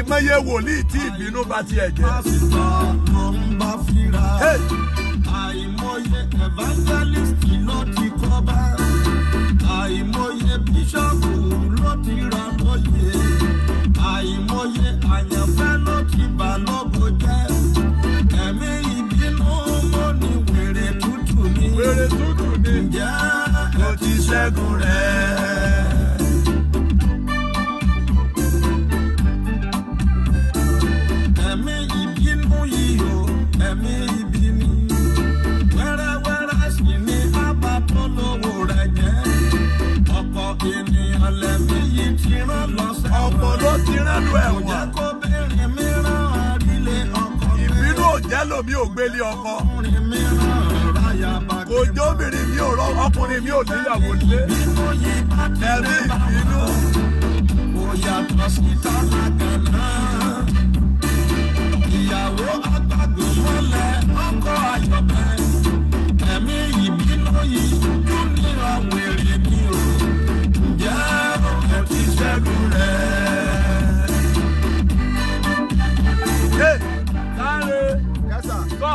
àìmọye wòlíì tí ìbínú bá tiẹ̀ jẹ́. pásítọ̀ mò ń bá fira àìmọye evangelist ló ti kọ́ bá àìmọye bíṣọ̀pù ló ti ra lóye àìmọye àyànfẹ́ ló ti bà lọ́gọ́ jẹ́ ẹ̀mí ìbínú mo ní wèrè tútù ní ǹjẹ́ o ti ṣẹ́gun rẹ̀. jẹ́lòmí ò gbélé ọkọ kò jóbìnrin mi ò rọ ọkùnrin mi ò níyàwó lé ẹ̀rí ìbínú. ìyàwó àgbàgbé wọlé ọkọ ayọ̀bẹ ẹ̀mí ìbínú yìí dún ní àwọn èrè mi ò jẹ́ òkè tí sẹ́gun rẹ̀.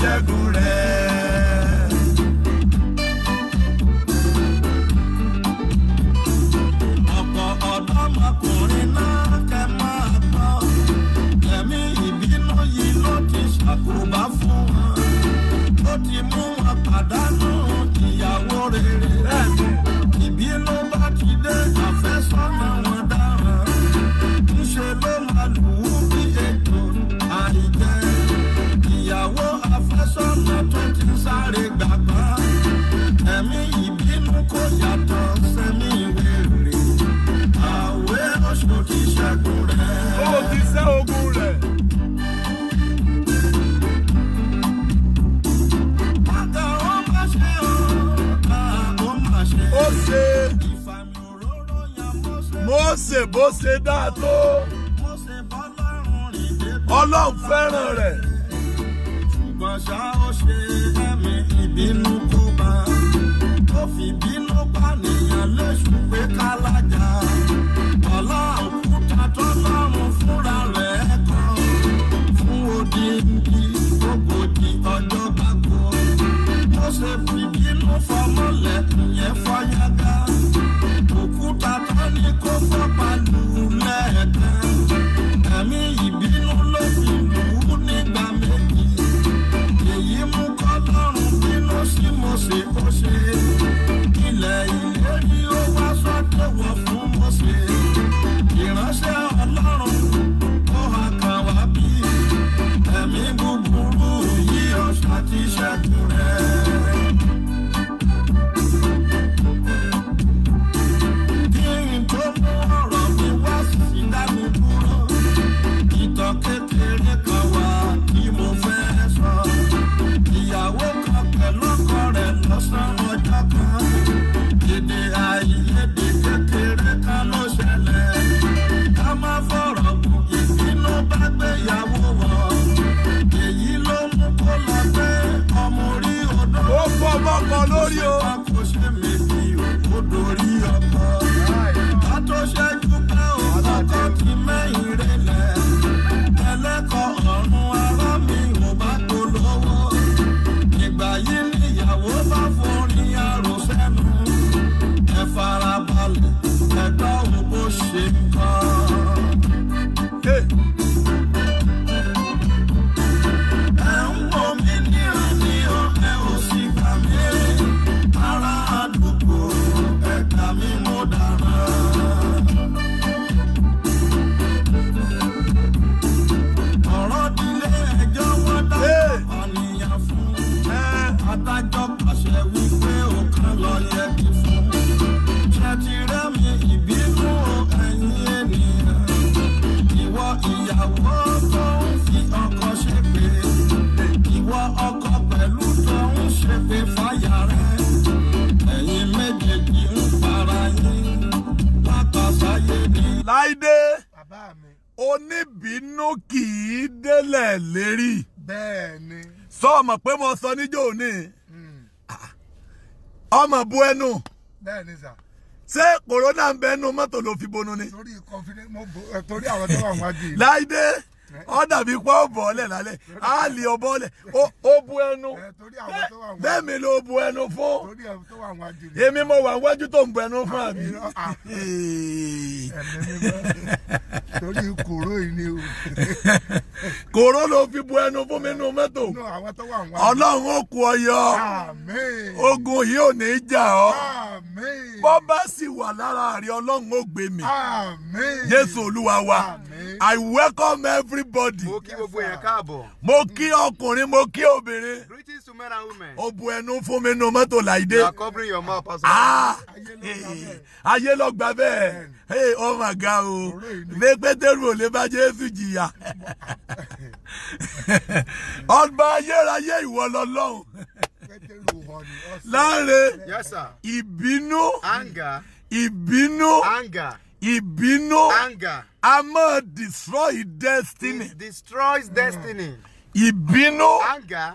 ṣẹ́gun bu ẹnu. bẹ́ẹ̀ ni sà. ṣé corona ń bẹ ẹnu mọ́tò ló fi bonu ni. Eh, torí àwọn tó wà wájú yìí. láìdé ọ dàbí pé ó bọ̀ lálẹ́ á lè ọ bọ́ọ̀lẹ̀ ó bu ẹnu bẹ́ẹ̀ mi ló bu ẹnu fún èmi mo wà wájú tó ń bu ẹnu fún àbí. Ah. kòró ló fi bu ẹnu fún mi nù mọ́tò ọlọ́run ó kú ọ yọ ogun yìí ò ní í jà ọ́ bọ́ bá sì wà lára rẹ ọlọ́run ó gbé mi jésù olúwa wa i welcome every everybody. mo kí gbogbo yẹn káàbọ̀. mo kí ọkùnrin mo kí obìnrin. greetings to men and women. o bu ẹnu fún mi nu mọ́tò láìdé. you are covering your mouth pastor. Ah! ayé lọ gbà bẹ́ẹ̀ hey oh my god o ní pétérù ò lè bá jésù jìyà ọgbà ayérayé ìwọ lọ́lọ́run láre ìbínú ìbínú ìbínú anger a máa destroy destiny. it destroys destiny. ìbínú anger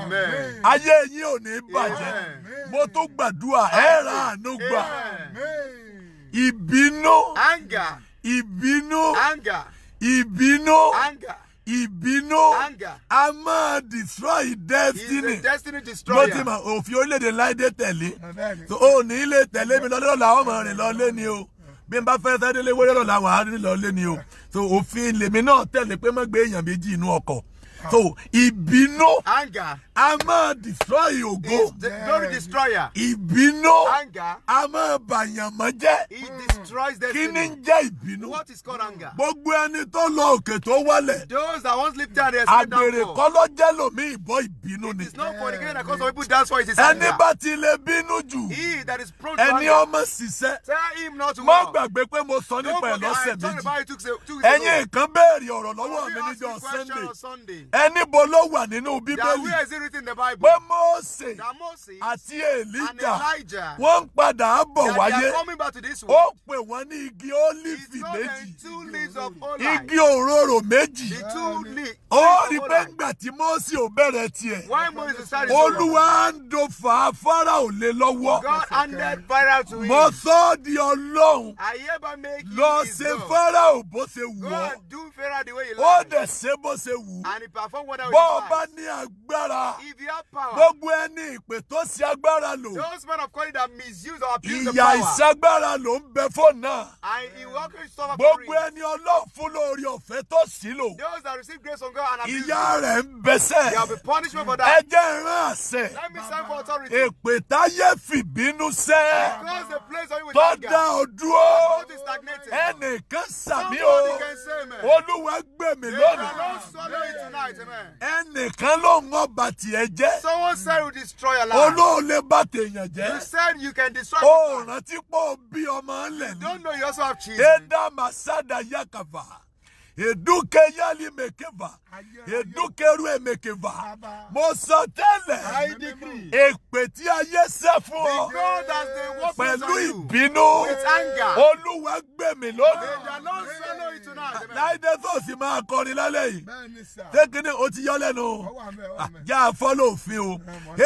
ayé yín ò ní bàjẹ́ mo tó gbàdúrà ẹ̀ rà àánú gbà ìbínú ìbínú ìbínú ìbínú a máa destroy destiny ló ti mọ òfin orílẹ̀-èdè láìdé tẹ̀lé tó o ní ilé tẹ̀lé mi lọ́dọ̀ làwọn ọmọ rìn lọ́lé ni o bí n bá fẹ́ sẹ́délé wẹ́rẹ́ lọ́la wàá rìn lọ́lé ni o tó òfin lèmi náà tẹ̀lé pé mọ́ gbé èèyàn méjì inú ọkọ̀ so ibino anger ama máa destroy ògo glory destroyer ibino anger ama máa bàyànmọ́ it destroys the kí ni ń what is called anger gbogbo ẹni tó lọ òkè tó wálẹ̀ those that once lived there they escape down for àgbèrè kọ́ ló jẹ́ lómi ìbọn ni it is not for the gain that cause some people that's why it is anger ẹni bá ti lè bínú jù he that is prone to anger ẹni ọmọ ṣiṣẹ́ tell him not to work mo gbàgbé pé mo sọ nípa ẹ̀ lọ́sẹ̀ méjì ẹ̀yin kan béèrè ọ̀rọ̀ lọ́wọ́ mi níjọ́ Sunday ẹnibo ló wà nínú bíbélì pé Mósè àti Èlíjà wọ́n ń padà bọ̀ wáyé ó pè wọ́n ní igi ólífì méjì igi òróró méjì ó rí pé ńgbà tí Mósè ò bẹ̀rẹ̀ tiẹ̀ Olúwa ń do fà á Fáráò lé lọ́wọ́ mo sọ ọ́ di Ọlọ́run lọ ṣe Fáráò bó ṣe wù ọ́ ó dẹ̀ ṣe bó ṣe wù ú bó o bá ní agbára gbogbo ẹni ìpè tó ṣe agbára lò ìyà ìṣagbára ló ń bẹ fóònù náà gbogbo ẹni ọlọ́run fún lórí ọ̀fẹ́ tó sí lò ìyà rẹ̀ ń bẹsẹ̀ ẹ jẹ́ ìran àṣẹ èpè táyé fìbínú sẹ́ tó dá ọ dúró ẹnìkan sàmí o olúwa gbèmí lónìí ẹnìkan ló ń wọ́n ba tiẹ̀ jẹ́. someone said you destroy your life. olóòlé bá tèèyàn jẹ́. you said you can destroy. o rántí pé bí ọmọ ńlẹ̀ ni. don't know yourself. also have children eduke yali mekeva eduke ru emekeva mo sọ tẹ́lẹ̀ èpè tí ayé ṣe fún ọ pẹ̀lú ìbínú olúwa gbé mi lónìí láìdé tó sì máa kọrin lálẹ́ yìí tẹkínní o ti yọ lẹ́nu yà á fọ́ lófin o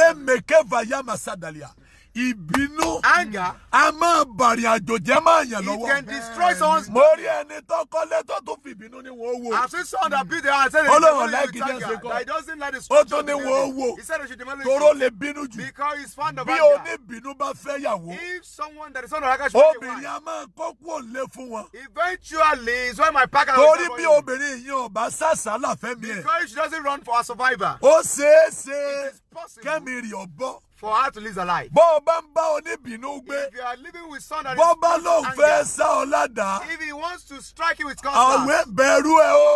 emekeva yà má sàdàlíà ìbínú anger a máa bàrìn àjòjẹ́ máa yàn lọ́wọ́. it can destroy someone's. mo rí ẹni tó kọ́lé tó tún fi ìbínú ni wọ́n wò. àti sọ̀n dà bí there are seven people who like it ṣe he doesn't like the school. ó tún ní wọ́n wò. he said we should demolish. toro bínú jù. because he is fond of anger. bí oníbínú bá fẹ́ yàwó. if someone that is fond of anger should be a wife. obìnrin a máa kọ́kú òlé fún wọn. eventually is why my partner. torí bí obìnrin yìí ò bá sàṣàlà fẹ́ ẹ̀. because she doesn't run for her survivor. ó ṣeé ṣe kẹ́mi rí ọ bọ́ for her to live her life. bó o bá ń bá oníbínú gbé. if you are living with son that is full of anger. bó bá lóun fẹ́ sá ọ ládàá. if he wants to strike you with constant. àwọn bẹ̀rù ẹ o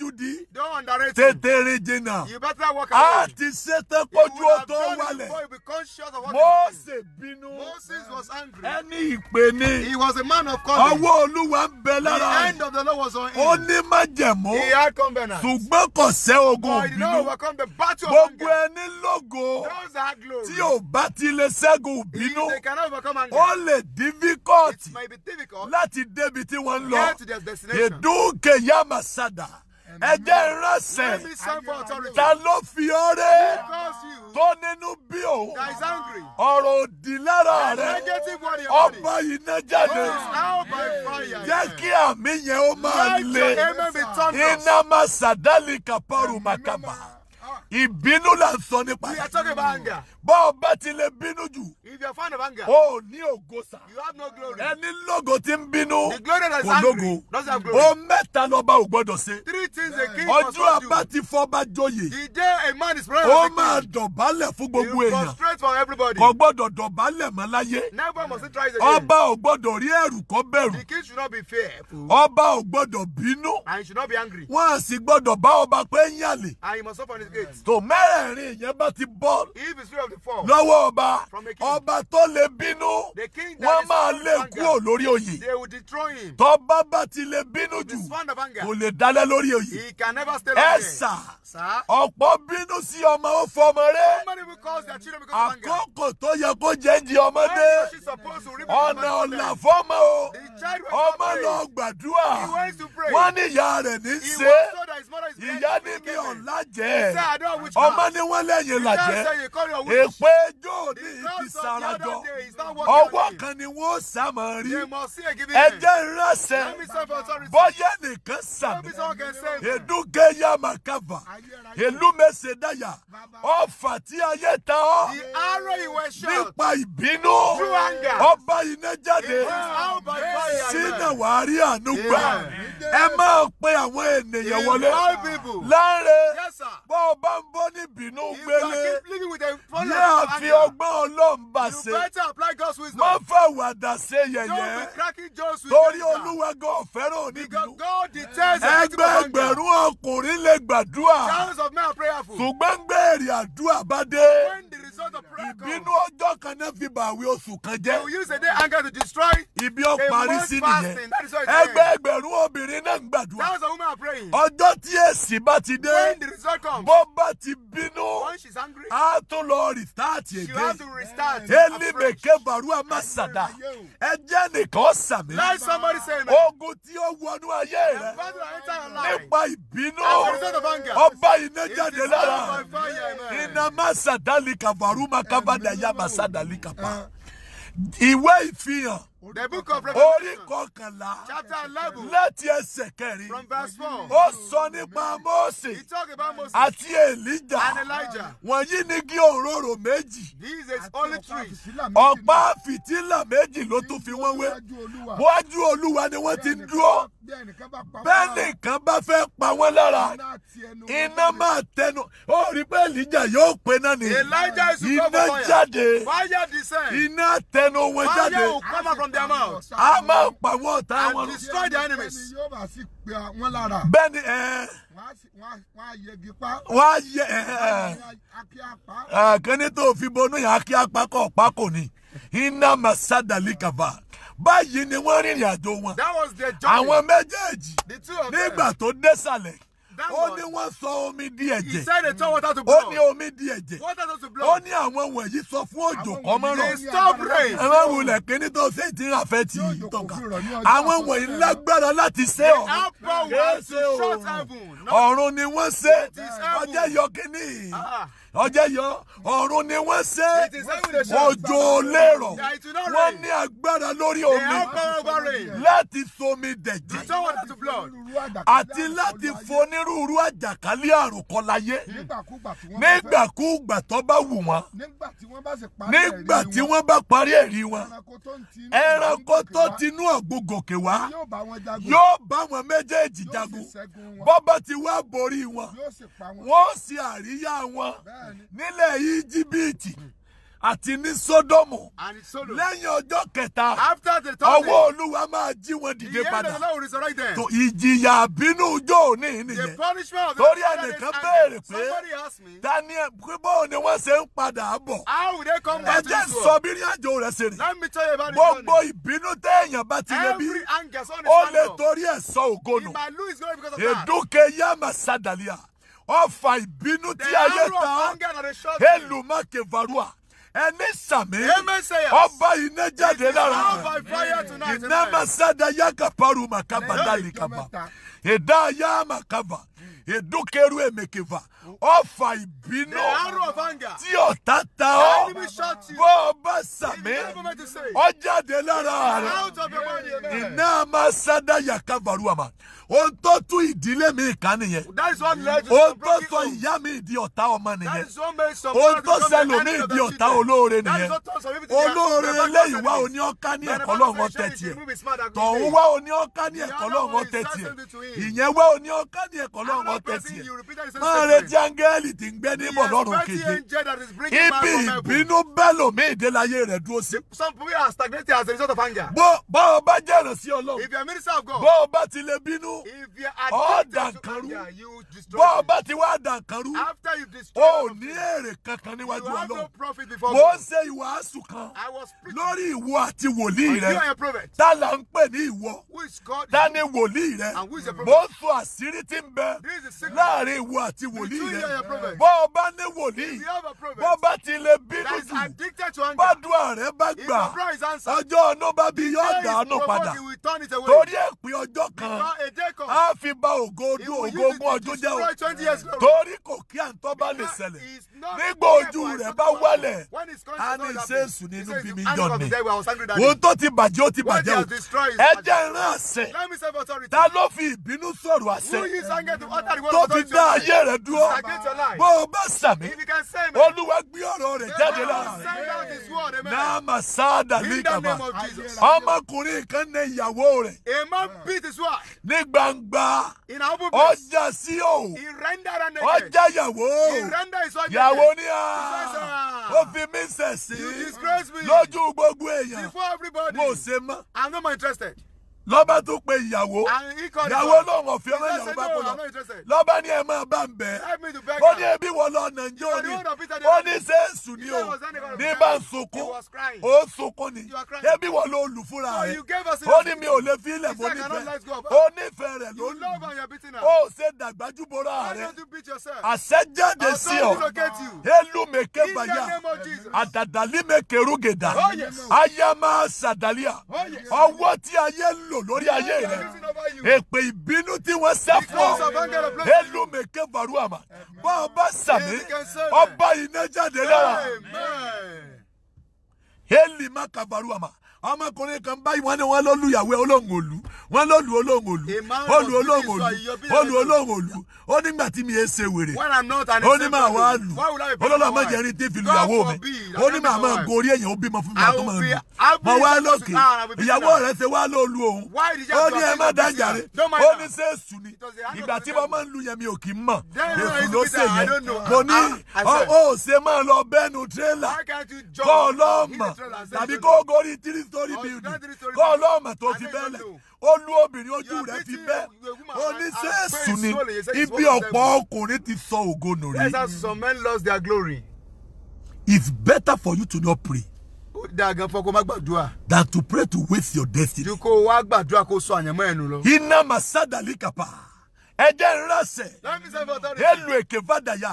judi. don't underrate him. tètè jìnnà. you better work hard. a ti ṣetán kójú ó tó wálẹ̀. you would have done it before you be conscious of what Mose you do. bínú. Moses was angry. ẹni ìpè ni. he was a man of calling. ọwọ́ olúwa ń bẹ lára. the end of the law was on him. ó ní májẹ̀mú. he had covenant. ṣùgbọ́n kò sẹ́ ogun òbínú. but he didn't overcome the battle of anger. gbogbo ẹni lógo. those are glory. tí ò bá ti lè ṣẹ́gun òbínú. if they cannot overcome anger. ó lè difficult. it might be difficult. láti débi tí wọ́n ń lọ. get to their destination. ìdúkè yàmà ẹjẹ́ ìránṣẹ́ ta ló fi ọ́ rẹ́ tó nínú bí o ọ̀rọ̀ òdì lára rẹ ọba iná jáde jẹ́ kí àmì yẹn ó máa le iná máa sàdálì kàpọ̀rù màkàmà ìbínú là ń sọ nípa bọ́ọ̀ bá ti lè bínú jù. If you are found Oh, ni ògo sá. You have no glory. Ẹni lógo tí ń bínú. The glory that is angry lógo. doesn't have glory. O mẹ́ta lọ́ba ò gbọ́dọ̀ ṣe. Three things a king must do. Ọjọ́ àbá ti fọ́ bá joyè. The a man is proud of a king. Ó máa dọ̀bálẹ̀ fún gbogbo èèyàn. He will prostrate for everybody. Kò gbọ́dọ̀ dọ̀bálẹ̀ mọ́ láyé. Never must he try again. Ọba ò gbọ́dọ̀ rí ẹ̀rù kó bẹ̀rù. The king should not be fair. Ọba ò gbọ́dọ̀ bínú. And he should not be angry. Wọ́n á sì gbọ́dọ̀ bá ọba pé ń yàlè. And he must suffer on his gate. Tò mẹ́rẹ̀ẹ̀rin ìyẹn bá ti bọ́. If he is free of the fall. Lọ́wọ́ ọba. From a king ọba tó lè bínú wọ́n máa lè kúrò lórí oyè tọ́ba bá ti lè bínú jù kò lè dálẹ̀ lórí oyè ẹ sà ọ̀pọ̀ bínú sí ọmọ ó fọmọ rẹ àkókò tó yẹ kó jẹ́njì ọmọdé ọ̀nà ọ̀là fọmọ o ọmọ lọ gbàdúrà wọ́n ní ìyá rẹ̀ ní í ṣe ìyá ní mi ọ̀la jẹ́ ọmọ ní wọ́n lẹ́yìn làjẹ́ èpè jó ní ìfisà lára jọ ọwọ́ kan ni wọ́n sàmọ́ rí ẹjẹ́ ńlọ́sẹ̀ bọ́yá nìkan sàmì èdúkẹ́ yá màkàfà èlú mẹ́sẹ̀ dáyà ọ̀fà tí ayé ta ọ́ nípa ìbínú ọba iná jáde sínú wàárí ànúgbà ẹ máa pe àwọn ènìyàn wọlé láre bọ́ ọ bá ń bọ́ níbínú gbélé yẹ́ àfi ọgbọ́n ọlọ́mba àṣẹ. you better apply God's wisdom. má fà wàdà ṣe yẹ̀yẹ́. don't be cracking Jones with torí olúwa gan fẹ́ràn onídùú. because God detests a critical conduct. ẹgbẹgbẹ̀rún ọkùnrin lè gbàdúrà. thousands of men are prayerful. ṣùgbọ́n gbẹ̀rì àdúrà bá dé. when ìbínú ọjọ́ kan náà fi bà wí oṣù kan jẹ́. you use a day anger to destroy. ibi ó parí sí nìyẹn ẹgbẹ́ ẹgbẹ̀rún obìnrin náà ń gbàdúrà. that was a woman praying. ọjọ́ tí èsì bá ti dé. when the result comes. bó bá ti bínú. when she's angry. á tún lọ restart again. she has to restart. elibeke barua masada ẹjẹ nìkan sàmì. let somebody say amen. ogun tí ó wọnú ayé rẹ. nípa ìbínú. ọba iná jáde lára. iná masada lè kàbọ̀. Maruma kaba daya masada likapa. Ìwé ìfihàn The book of Revelation. Orí kọkànlá. Chapter eleven. Láti ẹsẹ̀ kẹrin. From verse four. Ó sọ nípa Mósè. He talk about Moses. Àti Èlíjà. And Elijah. Wọ̀nyí ni igi òróró méjì. These is only three. Ọ̀pá fìtílà méjì ló tún fi wọ́n wé. Wájú Olúwa ni wọ́n ti dúró. Bẹ́ẹ̀ nìkan bá fẹ́ pa wọ́n lára. Iná máa tẹnu. Ó rí pé Èlíjà yóò pe náà ni. Elijah is to go for fire. Iná jáde. Fire descend. Iná tẹnu wọn jáde. Fire will come out from from their mouth. a máa pàwọ́ ọ̀tá wọn. and destroy their enemies. yóò bá Why? pé wọn lára. bẹ́ẹ̀ni ẹ. wọ́n á yẹgi pa. wọ́n á yẹ ẹ. akíní tó fi bonú yẹn akí apá kọ̀ pákó ni iná masadali kava báyìí ni wọ́n rìnrìn àjò wọn. that was their journey. àwọn méjèèjì nígbà tó désàlẹ̀ ó ní wọ́n sọ omi di ẹ̀jẹ̀ ó ní omi di ẹ̀jẹ̀ ó ní àwọn wọ̀nyí sọ fún òjò kọ́mọ́rọ̀ àwọn wulẹ̀ pé nítorí ṣé ti ń àfẹ́ ti tọ̀ka àwọn wọ̀nyí lágbára láti ṣe ọ̀run ọ̀run ni wọ́n ṣe ọjọ́ yọkíní. Ah ọjẹ́ yọ ọ̀run ni wọ́n ṣe òjò lérò wọ́n ní agbára lórí omi láti somi dẹ̀jẹ̀ àti láti fonírúurú àjàkálẹ̀ àrùn kan láyé nígbàkúùgbà tó bá wù wọ́n nígbà tí wọ́n bá parí ẹ̀rí wọn ẹranko tó tinú ọ̀gbun gòkè wá yóò bá wọn méjèèjì jagun bọ́bá ti wá borí wọn wọ́n sì àríyá wọn nílẹ̀ íjíbítì àti ní sódómù lẹ́yìn ọjọ́ kẹta ọwọ́ olúwa máa jí wọn dìde padà tó ìjìyà bínú ọjọ́ òní nìyẹn torí ẹnìkan béèrè pé daniel bó ni wọ́n ṣe ń padà bọ̀ ẹ jẹ́ sọ bí ní àjò rẹ̀ ṣe rìn gbogbo ìbínú téèyàn bá ti lè bí ó lè torí ẹ̀ sọ ògo nù èdúkẹ́ yá màsádàlíà ọfà ìbínú tí ayé ta elumake varua ẹni sàmì ọba iná jáde lára iná masada yakaparu makaba dalikaba ìdá ayá makaba ìdúkẹrù èmèkèva ọfà ìbínú tí ọ̀tá ta ọ́ bọ́ ọ bá sàmí ọ jáde lára rẹ̀ iná máa sádà yàká varuama ohun tó tú ìdílé mi kan nìyẹn ohun tó sọ ìyá mi di ọ̀tá ọmọ nìyẹn ohun tó sẹlò mi di ọ̀tá olóore nìyẹn olóore eléyìí wá oní ọ̀ká ní ẹ̀kọ́ lọ́wọ́ tẹ̀tì ẹ̀ tọ̀hún wá oní ọ̀ká ní ẹ̀kọ́ lọ́wọ́ tẹ̀tì ẹ̀ ìyẹn wá oní ọ̀ká ní ẹ̀kọ́ lọ́wọ́ tẹ̀tì ẹ̀ máa retí áńgẹ́lì tí ń gbé ní bọ̀ lọ́rùn keje ibi ìbínú bẹ́ẹ̀ lòmí ìdélayé rẹ̀ dúró sí. some people are stagnating as a result of anger. bó bá o bá jẹ́rìí sí ọlọ́run. if you are minister of God. bó o bá ti lè bínú. if you are addicted to anger you destroy. bó o bá ti wá dànkanrú. after you destroy. o ní èrè kankan níwájú ọlọ́run. you have no profit before God. mo ń ṣe ìwàásù kan. I was preaching. lórí ìwọ àti wòlíì rẹ. on you and your prophet. tá là ń pè ní ìwọ. who is God. dání wòlíì rẹ. and who is your prophet. mo ń sọ bọ́ ọba ní wòlíì bọ́ ọba ti lè bínú jù bọ́dúà rẹ bá gbà ọjọ́ ọ̀nà bá bí yọ dànù padà torí èpè ọjọ́ kan á fi ba ògo ọdún ògo ogún ọdún jẹ́ o torí kò kí àǹtọ́ bá lè ṣẹlẹ̀ nígbà ojú rẹ̀ bá wálẹ̀ á ní sẹ́ẹ̀sù nínú bí mi yọ̀ ni òun tó ti bàjẹ́ ó ti bàjẹ́ o ẹ jẹ́ ìran àṣẹ ta ló fi ìbínú sọ̀rọ̀ àṣẹ tó fi dá ayé rẹ̀ dúró. Lord. bó o bá sàmì olúwa gbé ọ̀rọ̀ rẹ̀ jáde lára rẹ̀ náà mà sáàdà nígbàmà ọmọkùnrin kan ní ìyàwó rẹ̀ ní gbangba ọjà sí o ọjà yàwó yàwó ní a ah. ó fi mí sẹ̀ sí lójú gbogbo èèyàn mo ò ṣe mọ́. I'm not more interested lọ́ba tún pe ìyàwó ìyàwó lòun ọ̀fẹ́ ọ̀rẹ́ ìyàwó bá kó lọ lọ́ba ní ẹ máa bá ń bẹ́ ó ní ẹbí wọ lọ nàìjíríà ni ó ní sẹ́ẹ̀sù ni o ní bá ń sunkún ó sunkún ni ẹbí wọ ló lù fúnra rẹ ó ní mi ò lè fi ilẹ̀ fún nífẹ̀ẹ́ ó nífẹ̀ẹ́ rẹ ló lù ó ṣe dàgbájúbọ́ra rẹ àṣẹjáde sí ọ elúmeke bàyà àdàdàlímeke rúgèdà oh, ayé máa ṣàdàlíà oh, ọwọ́ tí ayé lò lò lórí ayé rẹ èpè ìbínú tí wọ́n sá fún ọ elúmẹ̀kẹ́ bàrú àmà bá ọ bá sàmì ọba iná jáde lára elima kabaru àmà ọmọkùnrin kan báyìí wọ́n ní wọ́n ló lùyàwó olóhùn òlu wọ́n ló lu olóhùn òlu olù olóhùn òlu olù olóhùn òlu ó nígbà tí mi ẹ ṣe wèrè ó ní máa wá lù olóòlù ọmọ jẹrin tí fi lùyàwó mi ó ní máa máa gorí èèyàn ó bímọ fún mi àtọ́ máa mọ wá lókè ìyàwó rẹ ṣe wá ló lu òun ó ní ẹ má dájà ó ní ṣe èṣù ni ìgbà tí mo máa ń lu yẹn mi ò kì í mọ̀ èṣù ló ṣe yẹn mo ní ah, ó ṣe máa lọ bẹ́nu tírélà kó lọ́ọ̀ mọ̀ tàbí kó gorí tírí story building kọ́ ọlọ́ọ̀mà tó fi bẹ́lẹ̀ ó lú obìnrin ojú rẹ̀ fi bẹ́ oníṣẹ́sù ni ibi ọ̀pọ̀ ọkùnrin ti sọ ògo rí. some men lost their glory. It's better for you to not pray. ó dáa gan fọkọ má gbàdúrà. than to pray to waste your destiny. ju kó o wá gbàdúrà kó o sọ àyànmọ́ ẹnu lọ. iná màsádàlí kàpá ẹjẹ ńlọsẹ elu èké fàdàyà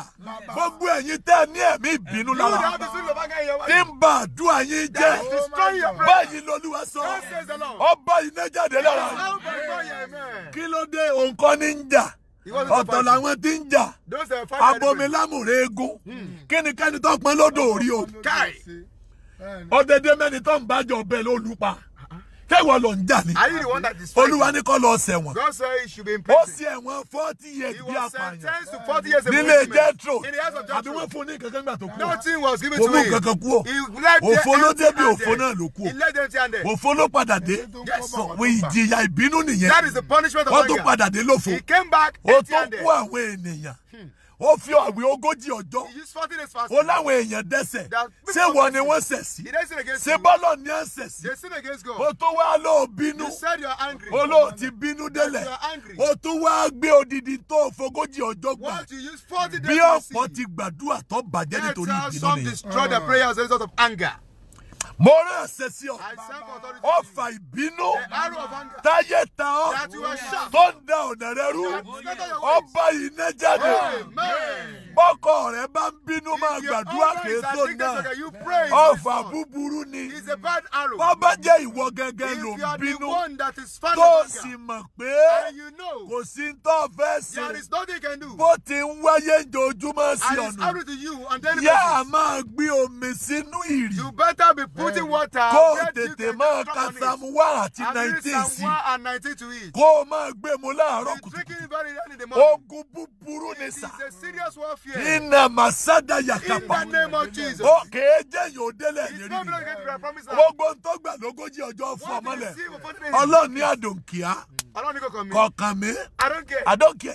gbogbo ẹ̀yin tẹ́ ní ẹ̀mí ìbínú lára tí ń bà àdúrà yín jẹ́ báyìí lolúwa sọ ọba iná jáde lára kí ló dé òǹkọ́ ní ń jà ọ̀tọ̀ làwọn tí ń jà abomilámùrè egun hmm. kí kẹ́ni tó pọn lódò orí o ọdẹdẹ mẹ́ni tó ń bájọ bẹ́ẹ̀ ló pa tẹ́wọ̀ ló ń jà ní. are you the one that is fighting. olúwa ní kó lọ sẹ̀wọ̀n. God said he should be in prison. ó sì ẹ̀wọ̀n forty years bí apààyàn. he was sentenced to forty years of imprisonment. nílé Jethro àbí wọ́n fún ní kankan gbà tó kú. nothing was given to him. òmù kankan kú o. òfo ló débi òfo náà ló kú o. he led them to end it. òfo ló padà dé. yes sir. ìjìyà ìbínú nìyẹn. that is the punishment of anger. wọ́n tún padà dé lófo. he came back eighty and then. ó tún kú àwọn ènìyàn. Hmm ó fi àwẹ̀ ogójì ọjọ́ ó láwọn èèyàn dẹ́ṣẹ̀ ṣé wọ́n ni wọ́n ṣẹ̀ sí ṣé bọ́lọ̀ ni à ń ṣẹ̀ sí ó tó wá lọ bínú ó lọ ti bínú délẹ̀ ó tó wá gbé odidi tó fogójì ọjọ́ gbà bí ọ̀pọ̀ ti gbàdúrà tó bàjẹ́ nítorí ìbínú nìyẹn mo rán àṣẹ sí ọ ọfà ìbínú táyé ta ọ tó ń da ọ̀nà rẹ rú ọba yìí iná jáde bọ́kọ rẹ bá ń bínú máa gbàdúrà kìí tó náà ọfà búburú ni bọ́bá jẹ́ ìwọ gẹ́gẹ́ ló ń bínú tó sì mọ̀ pé kò sí tó fẹ́ sí bó ti ń wáyé jojúmọ́ sí ọ̀nà yá a máa gbé omi sínú ìrì kó o tètè máa ka psalm one àti nineteen sí kó o máa gbé mu láàárọ̀ kùtùkùtù ogun búburú ni sà iná masada yakapa ó kèé jẹ́ yóò délẹ̀ yẹn níbi gbogbo tó gbà lógójì ọjọ́ fún ọmọlẹ̀ ọlọ́ọ̀ni àdòǹkìá kọ̀ọ̀kan mi àdòǹkìá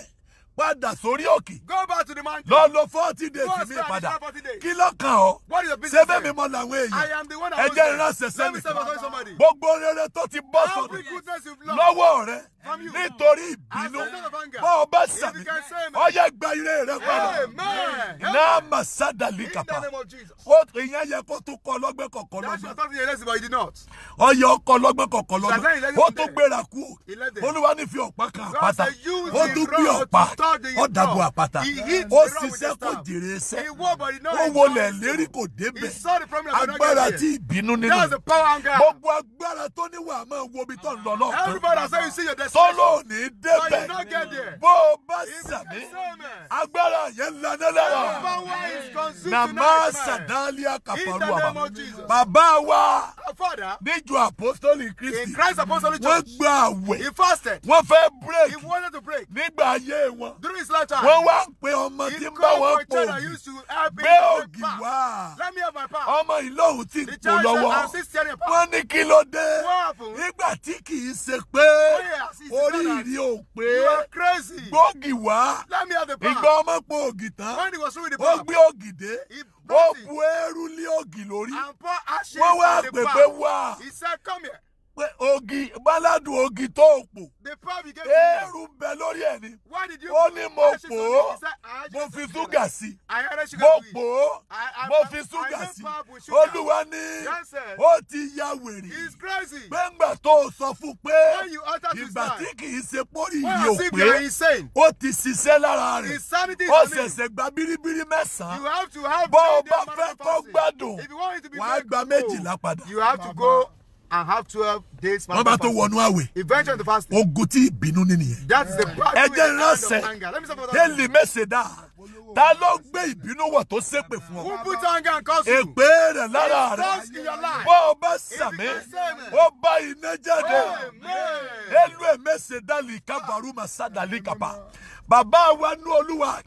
padà sórí òkè. go back to the mountain. lọ lo forty days mi padà. kí ló kàn ọ́. what is your business. sẹ́fẹ̀ mi mọ làwọn èèyàn. I am the one that was there. ẹ jẹ́ ìránṣẹ́ sẹ́mi. let me serve somebody. gbogbo rere tó ti bọ́ sọ̀rọ̀ lọ́wọ́ rẹ nítorí ìbínú bọ́ ọ bá sàmì ọyẹ gba ire rẹ padà náà mà sádàlì kàpá ó ìyẹn yẹ kó tún kọ lọ́gbẹ́ kọ̀kọ́ lọ́gbẹ́ ọyẹ ọkọ lọ́gbẹ́ kọ̀kọ́ lọ́gbẹ́ ó tún gbéra kú olúwa ní fi ọ̀pá kan àpáta ó tún gbé ọ̀pá ó dàbò àpáta ó ṣiṣẹ́ kó jèrè ẹsẹ̀ ó wọlé lérí kò débẹ̀ agbára tí ìbínú nínú gbogbo agbára tó níwà máa wo ibi tó ń lọ lọ́kàn tọ́lọ́ ní débẹ̀ bó o bá sàmì agbára yẹn lanẹ́ lára na máa sàdáàlì àkàpàrọ̀ àbá bàbá wa níjọ apostoli kristi wọ́n gba àwẹ̀ wọ́n fẹ́ break nígbà ayé wọn wọ́n wá ń pe ọmọ tí ń bá wọn pò gbé ògì wá ọmọ ìlọ́hùn tí ń pò lọ́wọ́ wọ́n ní kí ló dé nígbà tí kì í ṣe pé. Oh, orí rí o pé gbòógì wá ìgbà ọmọ pọ̀ ògì tán ó gbé ògì dé ó bu eérú lé ògì lórí wọ́n wá pèpè wá pé ogi báládùn ogi tó pò eérú bẹ lórí ẹ ni ó ní mo pò ó mo fi ṣúgà sí i mo pò ó mo fi ṣúgà sí i olúwa ní ó ti ya wèrè gbẹ̀ngbà tó sọ fún pé ìgbà tí kì ṣe pórí yìí ò pé ó ti ṣiṣẹ́ lára rẹ̀ ó ṣẹ̀ṣẹ̀ gba bíríbírí mẹ́sàn-án bọ́ ọ bá fẹ́ kó gbádùn wàá gba méjìlá padà and have twelve days. wọ́n bá tó wọnú àwẹ̀. eventually the fasting. ogun tí ìbínú nìyẹn. that is the. ẹ jẹ́ ránṣẹ́. daily message ta ló gbé ìbínú wọ̀ tó ṣépè fún ọ. who put anger and curse you. ègbé rẹ̀ lára rẹ̀ bọ́ ọ bá sàmì ó bá iná jáde elu emese dali kabaru masadali kaba Baba wa nú olúwa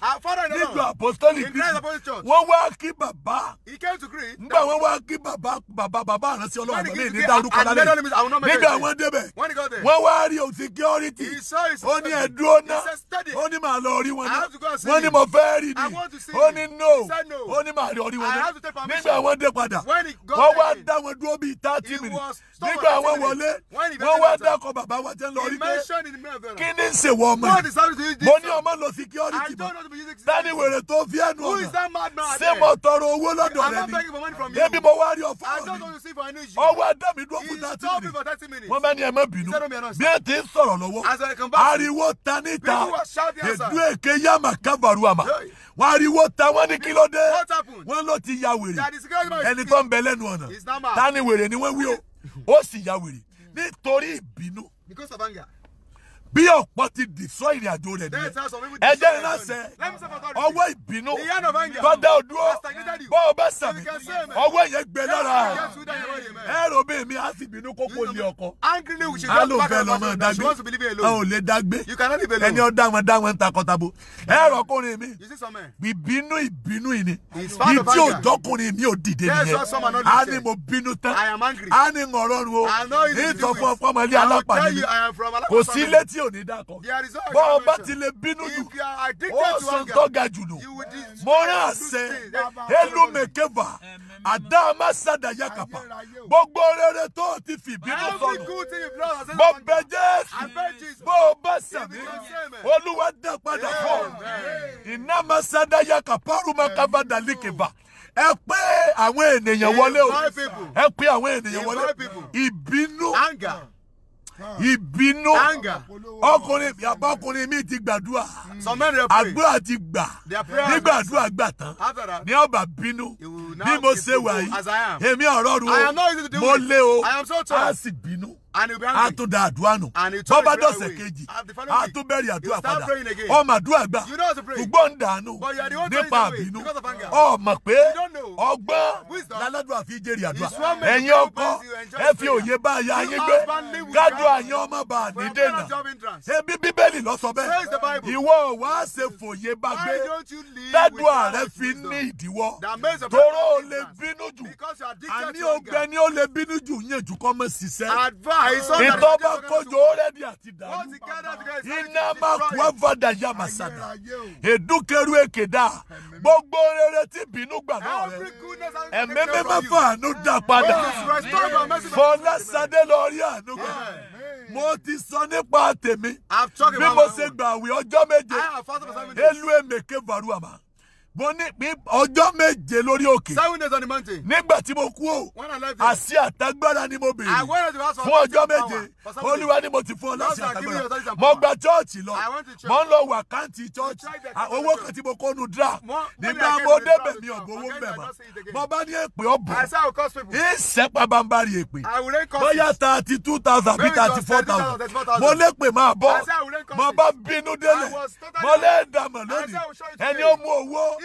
nílùú apostolic wọ́n wá kí Baba, nígbà wọ́n wá kí bàbá bàbá bàbá àránsí ọlọ́run àná lè ní dárúkọ lálẹ́ nígbà wọ́n débẹ̀ wọ́n wá rí òsì security ó ní ẹ̀dúró náà ó ní màá lọ rí wọn náà wọ́n ní mo fẹ́ married me ó ní no ó ní màá rí ọ ní wọlé nígbà wọ́n dé padà wọ́n wá dá wọn dúró bíi thirty minutes. nígbà àwọn wọlé wọ́n wá dákọ̀ bàbá wa jẹ́ lórí pé kí ni ń ṣèwọ ọmọ yìí mo ní ọmọ lọ security mọ́ dání wèrè tó fi ẹnu ọ̀nà ṣé mo tọrọ owó lọ́dọ̀ rẹ ni ebi mo wá rí ọ̀fọ́ rẹ ọwọ́ adámi dúró fún thirty minutes wọ́n bá ní ẹ má bínú bí ẹ ti ń sọ̀rọ̀ lọ́wọ́ ariwo ta níta èdú èké yàmà kábàrú àmà wọ́n ariwo ta wọ́n ní kí ló dé wọ́n ló ti ya wèrè ẹni tó ń bẹ lẹ́nu ọ̀nà tani wèrè ni wọ́n wí o ó sì ya wèrè nítorí ìbínú. because of anger bí ọ̀pọ̀ ti dìsọ́ ìrìn àjò rẹ̀ nìyẹn ẹjẹ́ ìránṣẹ́ ọwọ́ ìbínú bàdá òdúró bọ́ ọ sàmì ọwọ́ ìyẹn gbẹ lára ẹ̀rọ bẹ́ẹ̀ mi á sì bínú kókó lé ọkọ alo lọ́mọ dágbé a ò lè dágbé ẹni ọ dáwọn dáwọn ń takọtabo ẹ̀rọ ọkùnrin mi ìbínú ìbínú yìí ni bí tí mi ò dìde nìyẹn a ní mo bínú tán a ní ń ọ̀rọ̀ nu o ní ìtọ́fọ́ fọmọlé alápàdé ò ní dákọ bọ́ ọba ti lè bínú jù ó san tọ́ga jù nù mo rán àṣẹ elumekeva àdáàmà sàdáyà kàpà gbogbo rere tó ti fi bínú sọnù bọ́ bẹ jésù bọ́ ọba sàmì olúwa dá padà fọ́ iná máa sàdáyà kàpà ẹ pé àwọn ènìyàn wọlé o ẹ pé àwọn ènìyàn wọlé ìbínú ìbínú ọkùnrin bàbá ọkùnrin mi ti gbàdúrà mm. àdúrà ti gbà nígbàdúrà gbà tán ní ọba bínú bí mo ṣe wà yìí èmi ọ̀rọ̀ rù o mo lé o a sì bínú àtúndà àdúrà nù bọ́bá dọ̀sẹ̀ kejì àtúbẹ̀rẹ̀ àdúrà padà ọmọ àdúrà gbà ṣùgbọ́n ń dànù nípa àbínú ọmọ pé ọgbọ́n láládùn àfi jèrè àdúrà ẹ̀yin ọkọ ẹ fi òye bá aya yín gbé kájọ àyàn ọmọ bá a ní dènà ebi bíbélì lọ sọ bẹ́ẹ̀ ìwọ wá ṣe fòye bá gbé ládùn ààrẹ fi ní ìdíwọ́ tóró o lè bínú jù àní ọgbẹ́ni o lè bínú jù yẹn jù kọ́ mọ́ ṣiṣẹ́ ìtọ́ bá kọjọ ọ̀rẹ́dì àti dàrú iná máa kú ẹ̀fọ́dà yá màsàdà èdúkẹ́rú èkèdà gbogbo rere tí bínú gbàgbọ́ rẹ ẹ̀mí mímọ́ fún àánú dá padà fọlásadé lọ rí àánú gbà mo ti sọ nípa tèmi bí mo ṣe gbàwé ọjọ́ méje elu emeke varuama mo ní pín ọjọ́ méje lórí òkè. seven days on the mountain. nígbà tí mo kú o. when I left there. àṣì àtagbára ni mo béèrè. I went to the house for seven days. fún ọjọ́ méje olúwa ni mo ti fún ọ láṣì àtagbára. mo gba chọ́ọ̀chì lọ. I want to church. mo ń lọ wà káǹtì chọ́ọ̀chì. owó kan tí mo kó nu dra. nígbà mo débẹ̀ mi ọ̀gbọ́n owó ń bẹ̀ mọ́. mo bá ní èpè ọ̀bọ̀. I say I will cause people. ìṣẹ́pà bá ń bá èpè. I will rain cause people. bóyá thirty two thousand bí thirty four thousand. mo lépè máa people. mo bá bínú délé. mo lé dàmọ̀ lónìí. ẹni ó mú owó.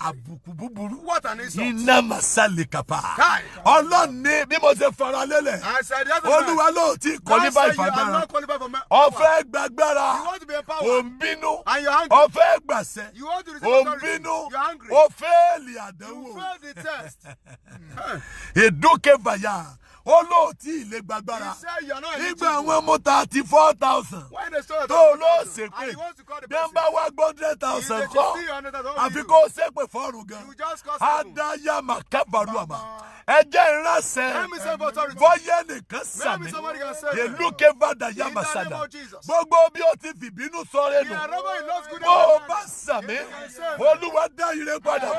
àbùkù búburú. what an insult. iná masale kapa. ọlọ́run ní bí mo ṣe fara lélẹ̀. olúwa ló ti qualify for agbára. ọ̀fẹ́ gbàgbára. ò ń bínú. ọ̀fẹ́ gbàṣẹ. ò ń bínú. ó fẹ́ẹ̀lì àdánwò. Hmm. ìdúkẹ́ bàyà ó lóòtí ilé gbàgbára nígbà àwọn mú thirty four thousand tó ló ṣèpè dẹ́nbà wá gbọ́dẹ̀ thousand kọ́ àfi kó ṣèpè fọ́ọ̀rù gan adayama kábàlúàmà ẹjẹ́ ìránṣẹ́ bọ́yẹ̀ nìkan sàmì ìlú kẹfàdà yàmà sàdà gbogbo bí o ti fìbínú sọ̀rọ̀ nù bó o bá sàmì olúwa dá ire padà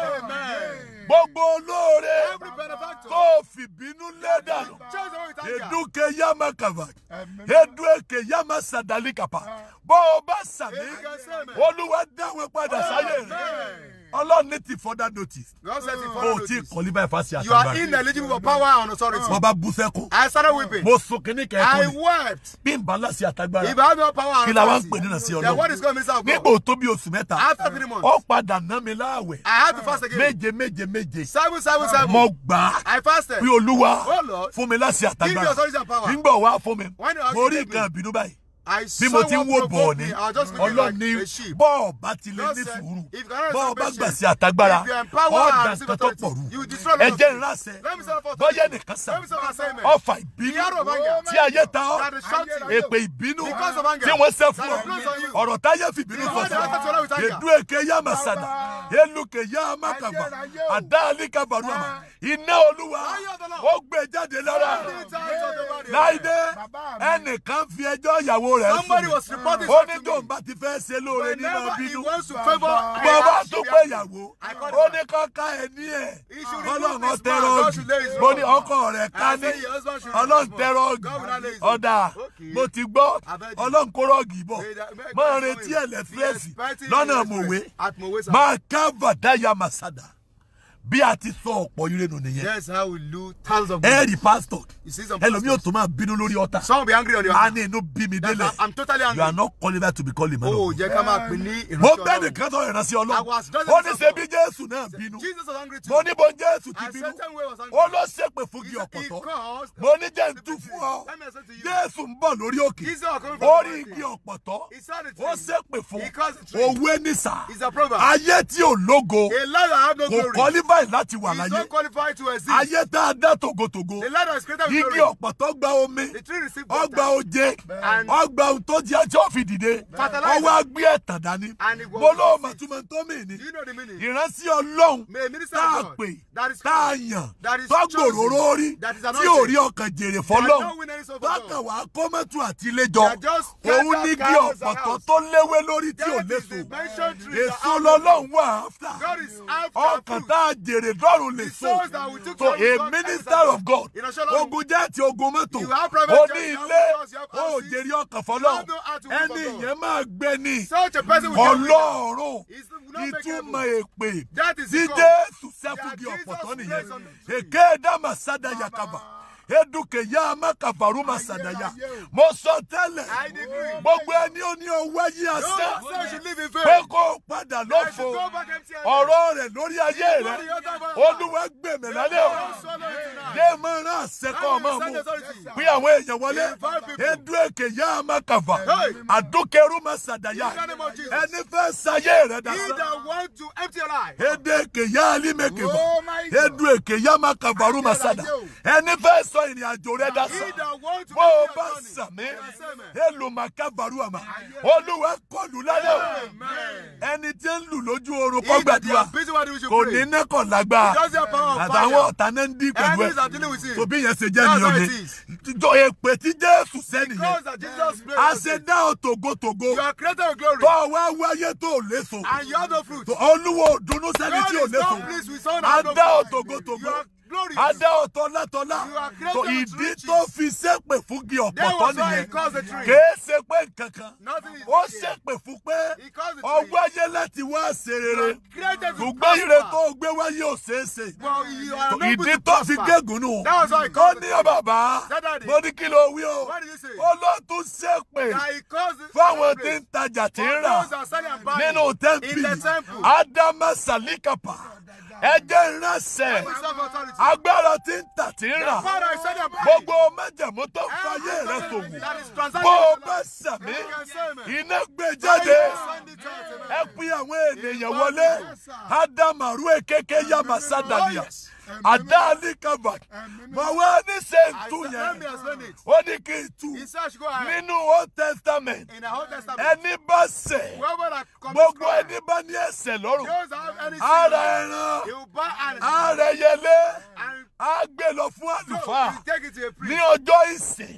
gbogbo olóore tó fìbínú lẹ́dà Kristo. Eduke yama kava. Eduke yama sadali kapa. Ah. Bó o bá sàmì, Olúwa dá wọn padà ọlọ́run ní ti further notice. God said it further notice. o ti qualify fasi àtàgbà. you are ineligible for power and authority. mo bá bú sẹ́kù. I started weeping. mo sun kínní kẹ́kọ̀ọ́ ni. I wept. bí n bá lásì àtàgbàrà. if I have no power and authority. kí la wá ń pè nínú sí ọlọ́run. then what is God means out. nígbà tó bí oṣù mẹ́ta. after three months. ó padà ná mi láàwẹ̀. I had to fast again. méje méje méje. seven seven seven. mo gbà. I fasted. bí olúwa. oh Lord. fún mi lásì àtàgbàrà. give me authority and power. nígbà wàá fún mi. when you ask me. mo rí nǹkan I bí mo ti ń wo bọ̀ ni ọlọ́run ni bọ́ọ̀ bá ti lè ní sùúrù bọ́ọ̀ bá gbà sí àtagbára ọ̀dà nǹkan tó pọ̀ rú ẹ̀jẹ̀ ńláṣẹ bọ́yẹ̀ nìkan sàn ọ̀fà ìbínú tí ayé ta ọ́ èpè ìbínú tí wọ́n ṣe fún ọ ọ̀rọ̀ táyé fìbínú sọ fún ọ èdú èké yá màsàdà elúkè yá amákàgbà àdáàlì kàbàrú àmà iná olúwa ó gbé jáde lára láìdé ẹnìkan fi ẹjọ́ ìyàwó Somebody was reporting. mi ó ní tó ń bá ti fẹ́ ṣe lóore nínú bínú bọ́bá tó pé ìyàwó ó ní kọ́ ká ẹ ní ẹ̀ ọlọ́run tẹ́rọ̀ọ̀gì mo ní ọkọ rẹ̀ ká ní ọlọ́run tẹ́rọ̀ọ̀gì ọ̀dà mo ti gbọ́ ọlọ́run kó rọ̀gì bọ̀ máa retí ẹ̀lẹ́fírẹ́sì lọ́nà mòwe máa ká vàdáyà màsàdà bí a ti sọ ọ̀pọ̀ ire nù nìyẹn. that's how we lose thousands of. ẹ̀rì pastor ẹlòmí ò tó máa bínú lórí ọ̀tá. some be angry on your. a ní inú bí mi délẹ̀. i'm totally angry. you are not qualified to be called a man. o oh, jẹ ká máa pín ní ìránṣẹ́ ọlọ́run. mo bẹ́ẹ̀ nìkan tó ìránṣẹ́ ọlọ́run. ó ní ṣe bí jésù náà bínú. mo ní bo jésù ti bínú. ó ló ṣépè fún kí ọ̀pọ̀tọ́. mo ní jẹ́ n tú fún ọ. jésù ń bọ̀ lórí òkè. orí igi ọ̀pọ̀tọ́. ó ṣépè fún. òwe nìsà. ayé tí ò lógo. kò kọ́lí qualified láti wà láyé. he is not qualified to exist. ayé tá a dá tògótògó. the land was created with glory. igi ọ̀pọ̀tọ́ gba omi. the tree received water. ọgbà oje. ọgbà ohun tó jẹ́ ẹjọ́ fi dìde. fertilizer ọwọ́ agbé ẹ̀tàn dání. and it was mo lóò mà túmọ̀ tó mì ní. you know the meaning. ìránṣẹ́ ọlọ́run. may minister of God. tá a pè tá a yàn. that is chosen. tọ́gbòrò rórí. that is anointing. tí ò rí ọkàn jèrè fọlọ́run. bákan wà á kọ́mọ́tù àti iléjọ. òun ní igi ọ̀pọ̀tọ́ tó léwé lórí tí ò léso. èso lọ́lọ́run wà áfà. ọkàn tá a jèrè dọ́rùn lè so so a minister of God ogun jẹ́ àti ogun mọ́tò ó ní ilé ó jèrè ọkàn fọlọ́ ẹni yẹn máa gbẹ ni ọlọ́run ìtumọ̀ èpè tí Jésù sẹ́fù di ọ̀pọ̀tọ́ nìyẹn èké dàmà yakaba eduke ya amakafaru masadaya mo sọ tẹ́lẹ̀ gbogbo ẹni ó ní owó yí asán pé kó padà lófo ọ̀rọ̀ rẹ̀ lórí ayé rẹ̀ olúwa gbèmí lálẹ́ o yé máa rán àṣẹkọ ọmọ mu bí àwọn èèyàn wọlé edu èkè ya amakafa adukeru masadaya ẹni fẹ́ sayé rẹ̀ dà edu èkè ya alimekeba oh, edu èkè ya amakafaru sada. ẹni fẹ́ sọ sọ ìrìn àjò rẹ dasà bó o bá sàmì elomaka baruama olúwa kọlù lálẹ́ o ẹni tí ń lù lójú oorun kọ́ gbàdúrà kò ní nẹ́kọ̀ lágbá àtàwọn ọ̀tá náà ń dín pẹ̀lú ẹ̀ tòbí yẹn ṣe jẹ́ nìyọ ni jọ èpè tí jésù sẹ́niyẹn a ṣe dá ọ tògótògó tó wá wáyé tó léso olúwo dùnú sẹ́ni tí ò léso a dá ọ tògótògó á dá ọ̀tọ̀ látọ̀lá ìdí tó fi ṣépè fún gi ọ̀pọ̀tọ́ nìyẹn kìí ṣe pé nkankan ó ṣépè fún pé ọgbẹ́ ayé láti wá ṣe rere ṣùgbọ́n ire tó gbé wáyé ò ṣeé ṣe ìdí tó fi gégùn nù ó ní bàbá mo ní kí ló wí o ó ló tún ṣépè fáwọn tí ń tajà tí ń rà nínú tẹ́ǹpì ádámà sàlíkàpà. e ìránṣẹ́ agbára tí ń tà tí ń rà gbogbo májàmú tó ń fayé rẹ ṣòwò bó o bá sàmí iná gbé jáde ẹ pín àwọn ènìyàn wọlé ádámàrú èkéké àdáàlíkà bàkì mọ wá ní sèǹtù yẹn ó ní kí n tu nínú old testament ẹni bá ṣẹ̀ gbogbo ẹni bá ní ẹ̀ṣẹ̀ lọ́rùn ara ẹran ara ẹyẹlé á gbé lọ fún àlùfáà ní ọjọ́ ìsìn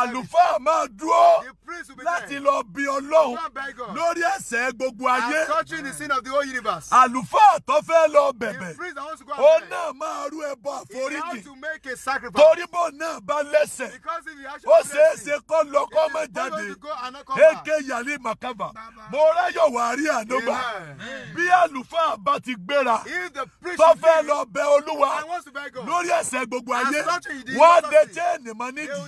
àlùfáà máa dúró láti lọ bí ọlọ́run lórí ẹ̀ṣẹ̀ gbogbo ayé. àlùfáà tó fẹ́ lọ bẹ̀bẹ̀ ó náà máa rú ẹbọ àforíjì torí bò náà bá lẹ́ṣẹ̀ ó ṣeé ṣe kó lọ kó má jáde èké yàrá màkàbà mo ráyọ̀ wá rí ànóbà bí àlùfáà bá ti gbéra tó fẹ́ lọ bẹ olúwa lórí ẹ̀ṣẹ̀ gbogbo ayé wọ́n á de chain mọ́ nídìí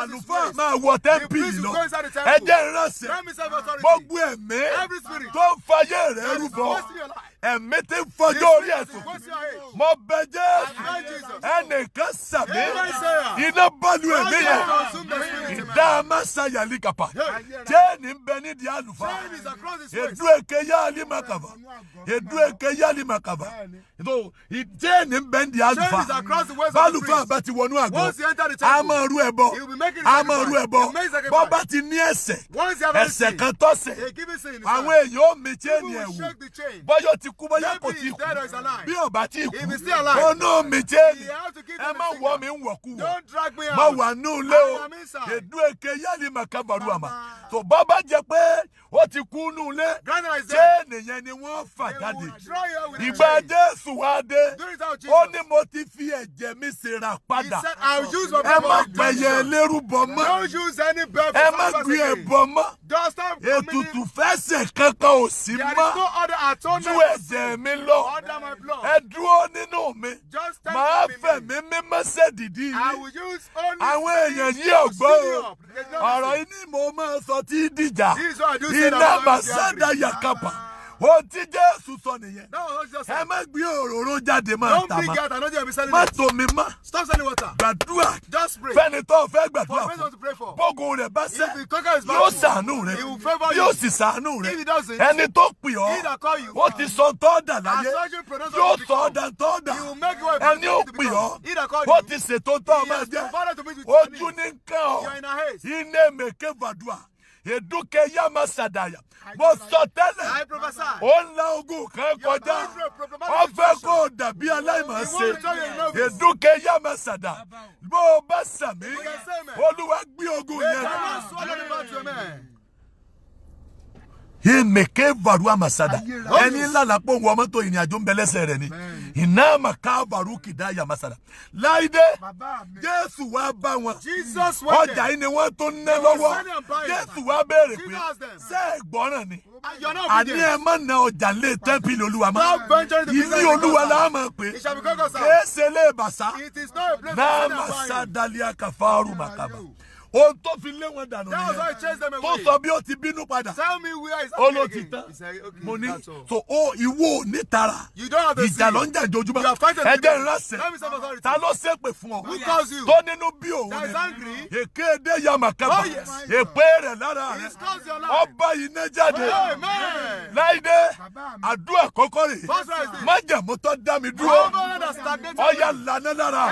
àlùfáà máa wọ tẹ́ḿpìlì lọ ẹ̀jẹ̀ ìrànṣẹ́ gbogbo ẹ̀mí tó ń fayé rẹ̀ rúbọ ẹ̀mí ti fọjọ́ orí ẹ̀sùn mo bẹ Jésù ẹnìkan sàmì iná bọ́ọ̀lù ẹ̀mí yẹn ìdá amásayà likapa jéènì ń bẹ nídìí àlùfà èdú èké yáàlì màkàbà èdú èké yáàlì màkàbà jéènì ń bẹ nídìí àlùfà bálùfà bá ti wọnú àgọ́ a máa rú ẹbọ a máa rú ẹbọ bọ́ bá ti ní ẹsẹ̀ ẹsẹ̀ kan tọ́sẹ̀ àwọn èèyàn ò mí chéènì ẹ̀ wò bọ́yọ̀ ti kú bóyá kò tí kú bí ò bá tí kú ó oh, nú mi jẹ́ni ẹ má wọ mi ń wọ̀kú wọ̀ má wà nú ilé o èdú èké yálì màkàbàrú àmà tó bá bá jẹ pé ó ti kú nú ilé jẹ́ni yẹn ni wọ́n fà jáde ìgbà Jésù wá dé ó ní mo ti fi ẹ̀jẹ̀ mi ṣèrà padà ẹ má gbẹ̀yẹ̀ lérú bọ̀ mọ́ ẹ má gbé ẹ̀bọ̀ mọ́ ètùtù fẹsẹ̀ kankan ò sí mọ́ ju ẹ̀ ẹsẹ̀ mi lọ ẹ dúró nínú mi màá fẹ̀ mí mímọ́ sẹ́ dìdí yìí àwọn èèyàn yìí ọ̀gbọ́n o ọ̀rọ̀ yìí ni mo máa sọ tí dìjà iná màsádà yàkàpà o ti Jésù sọ nìyẹn ẹ má gbé òróró jáde máa tà má má tomi má gbàdúrà fẹ́ni tó fẹ́ gbàdúrà fún bógun rẹ̀ bá sẹ́ yóò ṣàánú rẹ̀ yóò sì ṣàánú rẹ̀ ẹni tó pè ọ́ ó ti sọ tọ́ọ̀dà láyé yóò tọ́ọ̀dà tọ́ọ̀dà ẹni ó pè ọ́ ó ti ṣètò tọ́ọ̀ máa jẹ́ ojú ní kàn ọ́ iná mèké gbàdúrà yeduke yamasadaya mo sọ tẹ́lẹ̀ ó ń la ogun kan kọjá ó fẹ́ kó o dàbí aláìmọ̀ọ́sẹ̀ yeduke yamasada bó o bá sàmí olúwa gbé ogun yẹn emeke varu amasada ẹni la làpọ̀ wọ ọmọ tó ìrìn àjò ń bẹ lẹ́sẹ̀ rẹ̀ ya masada. Laide, Jesus wa yamasada láìdé jésù wá bá wọn wa yìí ni wọ́n tó ń ná lọ́wọ́ jésù wá béèrè pé ṣé ẹ̀gbọ́ràn ni àní ẹ má na ọjà lé tẹ́ḿpìlì olúwa mọ́ la mọ̀ pé kèé ṣe lè bàṣá náà màsá dalí àkàfà ọ̀rùn ohun tó fi lé wọn dànù nìyẹn tó sọ bí ó ti bínú padà ó ló ti tán mo ní so ó ìwọ ní tara ìjà ló ń jà jojúmọ́ ẹjẹ́ ńlá sẹ́ ta ló ṣépè fún ọ tó nínú bí òun ni èké èdè yamakaba oh, èpè rẹ̀ lára rẹ̀ ọba iná jáde oh, láìdé àdúrà kọ́kọ́ rè májàmú tó dá mi dúró ọ̀yà lànà lára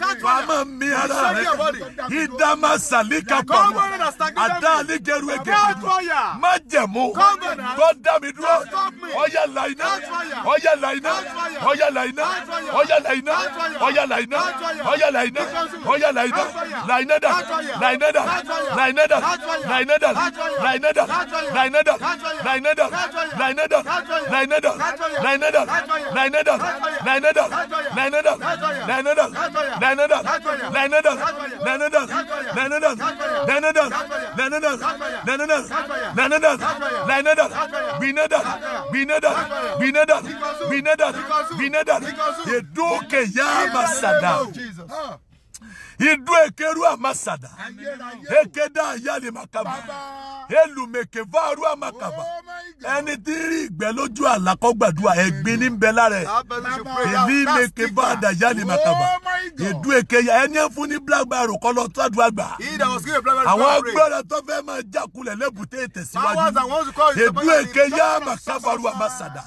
rẹ̀ wàá máa mi ara rẹ̀ ìdààmú. Lama Salika Pama. Ada Aligeru Egeri. Má jẹ̀mú. Tó dá mi dúró. Ọ̀yà làyínà. Ọ̀yà làyínà. Ọ̀yà làyínà. Ọ̀yà làyínà. Ọ̀yà làyínà. Ọ̀yà làyínà. Ọ̀yà làyínà. Làyínà dà. Làyínà dà. Làyínà dà. Làyínà dà. Làyínà dà. Làyínà dà. Làyínà dà. Làyínà dà. Làyínà dà. Làyínà dà. Làyínà dà. Làyínà dà. Làyínà dà. Làyínà dà. Làyínà dà. Làyínà dà. Làyínà dà. Leonidas, Leonidas, Leonidas, Leonidas, Leonidas, Leonidas, Binadas, Binadas, Binadas, Binadas, Binadas, Eduke Yamasada. idu ekeru amasada ekeda ayale makaba elumeke varu amakaba oh ẹni tí rí ìgbẹ́ lójú àlàkọ́gbàdúrà ẹ̀gbin ní bẹ lára ẹ̀ ìdí ìmeke bá àdàyálè màkàbà ìdú èkéyà ẹni ẹ̀ fún ní blagbaro kọ́ lọ tọ́jú àgbà àwọn agbára tó fẹ́ máa jákulẹ̀ lẹ́bùté tẹ̀síwájú ìdú èkéyà màkàbàrú àmàsàdà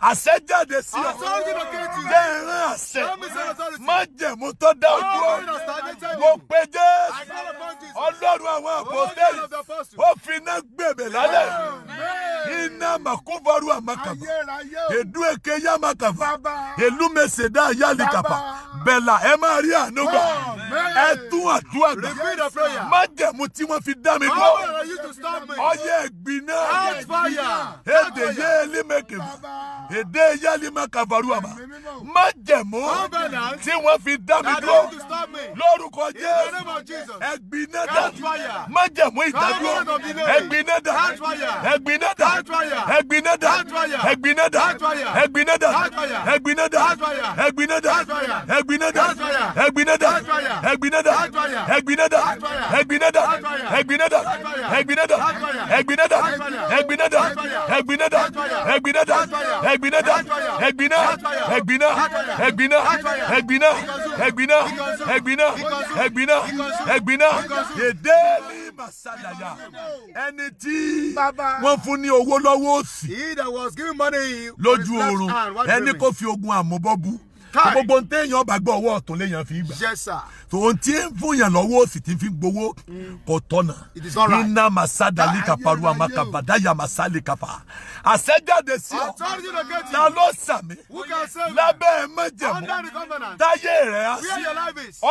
àṣẹ jáde sí ọ jẹ́ ìran àṣẹ má jẹ̀mú tó dá ojú ọ mo pe Jésù ọlọ́run àwọn oh, àpòtẹ́lì ó fi iná gbèbè lálẹ́ iná màkúbọ̀rù àmàkàbà èdú èké yá màkàbà èlú mẹsẹ̀dá yálìkàbà bẹ̀là ẹ máa rí àánú gbà ẹ tún àdúrà gbà má jẹ̀mú tí wọ́n fi dá mi dúró ọyẹ ẹ̀gbin náà èdè yé elémèkè mọ́ èdè yálima kàfàrúwàmà má jẹ̀mú tí wọ́n fi dá mi dúró lórúkọ Jésù ẹgbin náà dà má jẹ̀mú ìdádúró ẹgbin náà dà ẹgbin náà dà ẹgbin náà dà ẹgbin náà dà ẹgbin náà dà ẹgbin náà dà ẹgbin náà dà ẹgbin náà dà ẹgbin náà dà ẹgbin náà dà ẹgbin náà dà ẹgbin náà dà ẹgbin náà dà ẹgbin náà dà ẹgbin náà dà ẹgbin náà dà ẹgbin náà dà ẹgbin náà dà ẹgbin náà dà ẹgbiná dá ẹgbiná ẹgbiná ẹgbiná ẹgbiná ẹgbiná ẹgbiná ẹgbiná ẹgbiná èdè masalaya ẹni tí wọ́n fún ní owó lọ́wọ́ òsì lójú oorun ẹni kò fi ogun àmúbọ́ gbogbo téèyàn bá gbọ́ ọwọ́ ọ̀tún léèyàn fi gbà yes sir tòun tí ń fún yàn lọ́wọ́ òsì tí ń fi gbowó kò tọ̀nà iná masadali kaparu amakapa daya masali kapa àṣẹjáde sí ọ ta ló sàmì lábẹ́ ẹ̀ mẹ́jẹ̀mú táyé rẹ̀ á sí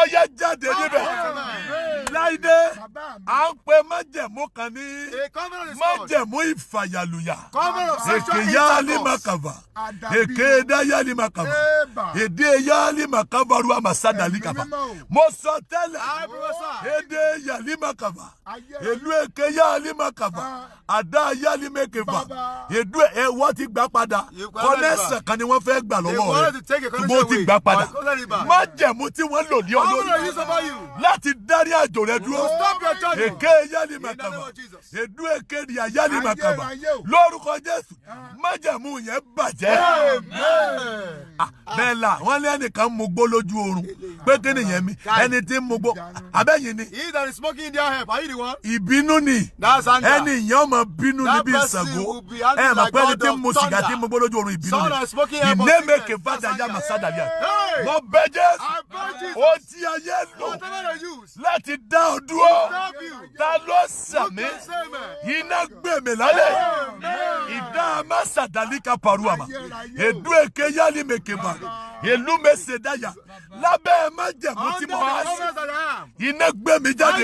ọyẹ jáde níbẹ̀. Ọláìdé à ń pe májẹ̀mú kan ní májẹ̀mú ìfàyàlùyà èké yáálí màkàbà èké dáyálí màkàbà èdè yáálí màkàbà ruwa màsádàlí kàbà mo sọ tẹ́lẹ̀ èdè yáálí màkàbà èlú èké yáálí màkàbà ah. àdá yáálí mẹ́kẹ̀fà èdú ẹ̀wọ́ ti gbà padà kọ́nẹ́sẹ̀ kan ni wọ́n fẹ́ gbà lọ́wọ́ rẹ̀ mo ti gbà padà májẹ̀mú tí wọ́n lò ní ọlọ́run láti dárí àjò ayọ̀ rẹ dúró èké yálì màkàmà èdú èké ni àyálì màkàmà lórúkọ Jésù májẹ̀mú yẹn bàjẹ́ ah, bẹ́ẹ̀ la wọ́n lé ẹnìkan mú gbó lójú oorun pé kí nìyẹn mi ẹni tí ń mú gbó abẹ́yìn ni ìbínú ni ẹni ìyẹn ọmọ bínú níbi ìsàgó ẹ mà pé ẹni tí ń mú sìgá tí ń mú gbó lójú oorun ìbínú ni ìnémèké fàdájà màsádàbíà mo dá ọ dúró ta ló sàmì iná gbèmí lálẹ́ ìdá amásàdálíkà paruama èdú èké yálì mèkèmà ìlú mẹsẹdáyà lábẹ́ májẹ̀mú tí mo wá sí iná gbèmí jáde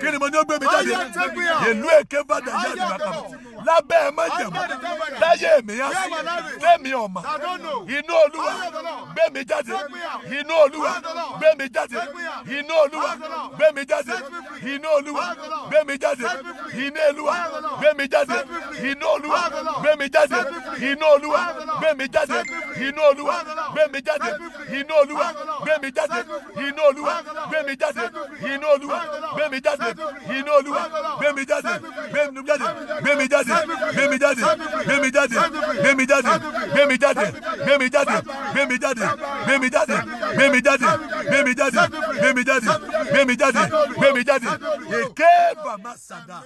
kí ni mo ní ó gbèmí jáde ìlú èké bàdà yálì màkàmà lábẹ́ májẹ̀mú láyé mi yá lẹ́mi ọ̀mà inú olúwa gbé mi jáde inú olúwa gbé mi jáde inú olúwa gbé mi jáde inú olúwa gbé mi jáde inú olúwa gbé mi jáde inú olúwa gbé mi jáde inú olúwa gbé mi jáde inú olúwa gbé mi jáde inú olúwa gbé mi jáde inú olúwa gbé mi jáde inú olúwa gbé mi jáde inú olúwa gbé mi jáde gbé jáde gbé jáde gbé mi jáde gbé mi jáde gbé mi jáde gbé mi jáde gbé mi jáde gbé mi jáde gbé mi jáde gbé mi jáde gbé mi jáde gbé mi jáde gbé mi jáde gbé mi jáde èké bàmá sàdá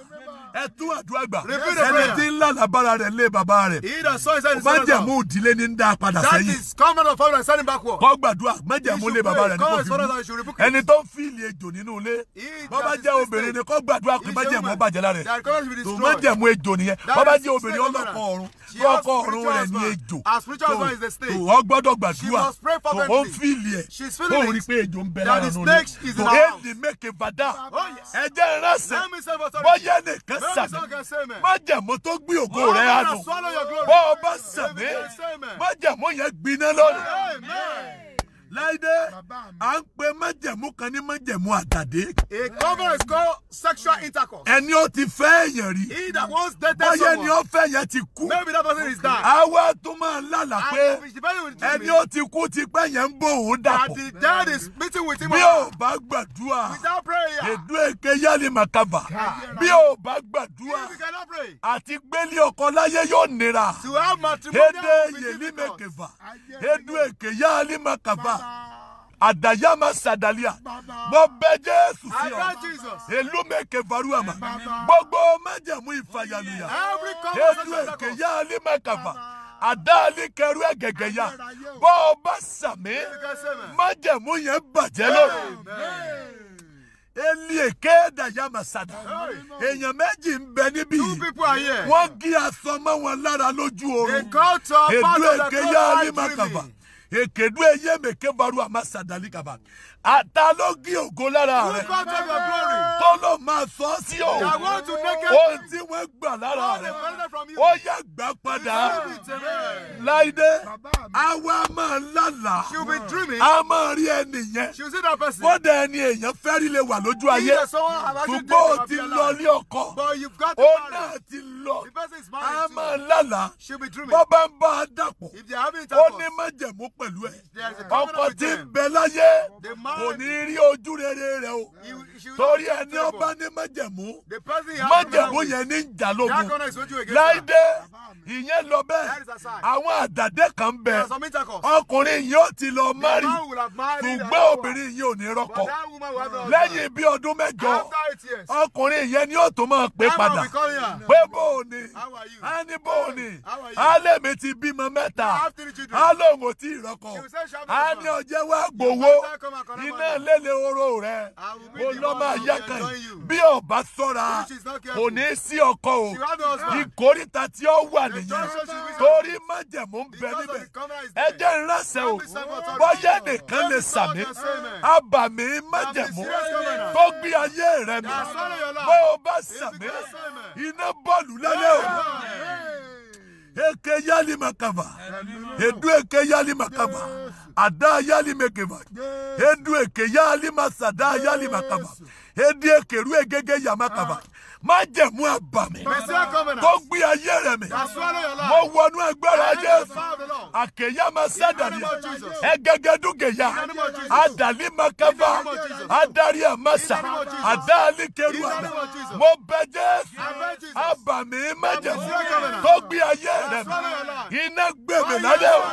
ẹ tún àdúrà gbà ẹni tí ń lànà bára rẹ̀ lé bàbá rẹ̀ májẹ̀mú ìdílé ní ń dá padà sẹ́yìn kọ́ gbàdúrà májẹ̀mú lé bàbá rẹ̀ ní kò fi mú ẹni tó ń fìlì ejò nínú ilé bọ́ bá jẹ́ obìnrin ni kọ́ gbàdúrà pé májẹ̀mú bàjẹ́ lára rẹ̀ tó májẹ̀mú ejò nìyẹn yẹn bàbá jẹ́ obìnrin ọlọ́kọ ọ̀run kí ọkọ ọ̀run rẹ̀ ní ejò tó ọ gbọ́dọ̀ gbàdúrà tó ó ń fìlì ẹ̀ tó ń rí pé ejò ń bẹ lára nù ní tó éèdì mẹ́kẹ̀ fada ẹ̀jẹ̀ rẹ̀sẹ̀ bọ́yá nìkan sàmì májàmú tó gbé ògo oh, rẹ̀ àná bọ́ ọ bá sàmì májàmú yẹn gbiná lọ́rùn láìdé à ń pe májẹ̀mú kan ní májẹ̀mú àtàdé. a covenant is called sexual intercourse. ẹni ó ti fẹ́ èèyàn rí. he that wants dated someone. bóyá ẹni ó fẹ́ yẹn ti kú. maybe that person is dead. àwa tún máa ń lálà pé ẹni ó ti kú ti pẹ́ yẹn ń bò ó dàpọ̀. and the dead is meeting with him. bí o bá gbàdúrà. without prayer. èdú èké yálì màkàbà. bí o bá gbàdúrà. you cannot pray. àti gbélé ọkọ láyé yóò nira. to have matrimonial. èdè yèlí mẹ́kẹ̀fà. èdú èké yálì màkàbà adayama sadalia mo bẹ jésù sí ọ èlú mẹkẹ varuama gbogbo májàmú ìfàyàlùyà ètò èkè yá alimẹkàfà àdáàlì kẹrù ẹgẹgẹ ya bọ ọba sàmì májàmú yẹn bàjẹ́ lórí eli èké dayama sada èèyàn méjì ń bẹ níbí yìí wọ́n gé aṣọ mọ́ wọn lára lójú oorun èlú èké yá alimẹkàfà. ekedu eyeme ke baru amasadali kaba Ata ló gé ògo lára rẹ̀. Tó ló máa sọ sí o. Ohun tí wọ́n gbà lára rẹ̀. Ó yá gbà padà. Láìdé, àwa máa lálàá. A máa rí ẹni yẹn. Bọ́dà ẹni èèyàn fẹ́rí lè wà lójú ayé. Ṣùgbọ́n o ti lọ ní ọkọ. Ó náà ti lọ. A máa lálàá. Bọ́bá ń bá a dàpọ̀. Ó ní májẹ̀mú pẹ̀lú ẹ̀. Ọkọ ti ń bẹ láyé kò ní rí ojú rere rẹ o torí ẹni ọba ní májẹ̀mú májẹ̀mú yẹn ní ìjàlógún láìdé ìyẹn lọ bẹ́ẹ̀ àwọn àdàdé kan bẹ ọkùnrin yìí ó ti lọ mari ṣùgbọ́n obìnrin yìí ò ní rọ́kọ lẹ́yìn bí ọdún mẹ́jọ ọkùnrin yẹn ni ó tó máa pè padà pé bóòní á ní bóòní á lèmi ti bímọ mẹ́ta á lóun ò tí ì rọ́kọ wa gbowó iná lélẹ̀ oró rẹ̀ mo lọ ọmọ máa yá kan yìí bí ò bá sọ́ra kò ní sí ọkọ o ìkórìtà tí ó wà nìyẹn torí májẹ̀mú ń bẹ níbẹ̀ ẹjẹ́ ńlẹ́sẹ̀ o bọ́yá nìkan lè sàmì abàmì májẹ̀mú tó gbé ayé rẹ mi bó o bá sàmì iná bọ́ọ̀lù lálẹ́ o eke yali makava edu eke yali makava ada yali mekeva edu eke yali masada yali makava edi ekeru egege yamakava ah má jẹ̀mú àbàmì tó gbé ayé rẹ̀ mi mo wọnú agbára Jésù àkèyà máa sádàlì ẹgẹgẹdúgẹyà àdàlí makaba adarí àmàsà àdáàlí kẹrù àmà mo bẹ Jésù àbàmì má jẹ̀mú tó gbé ayé rẹ̀ mi iná gbẹ̀mí lálẹ́ o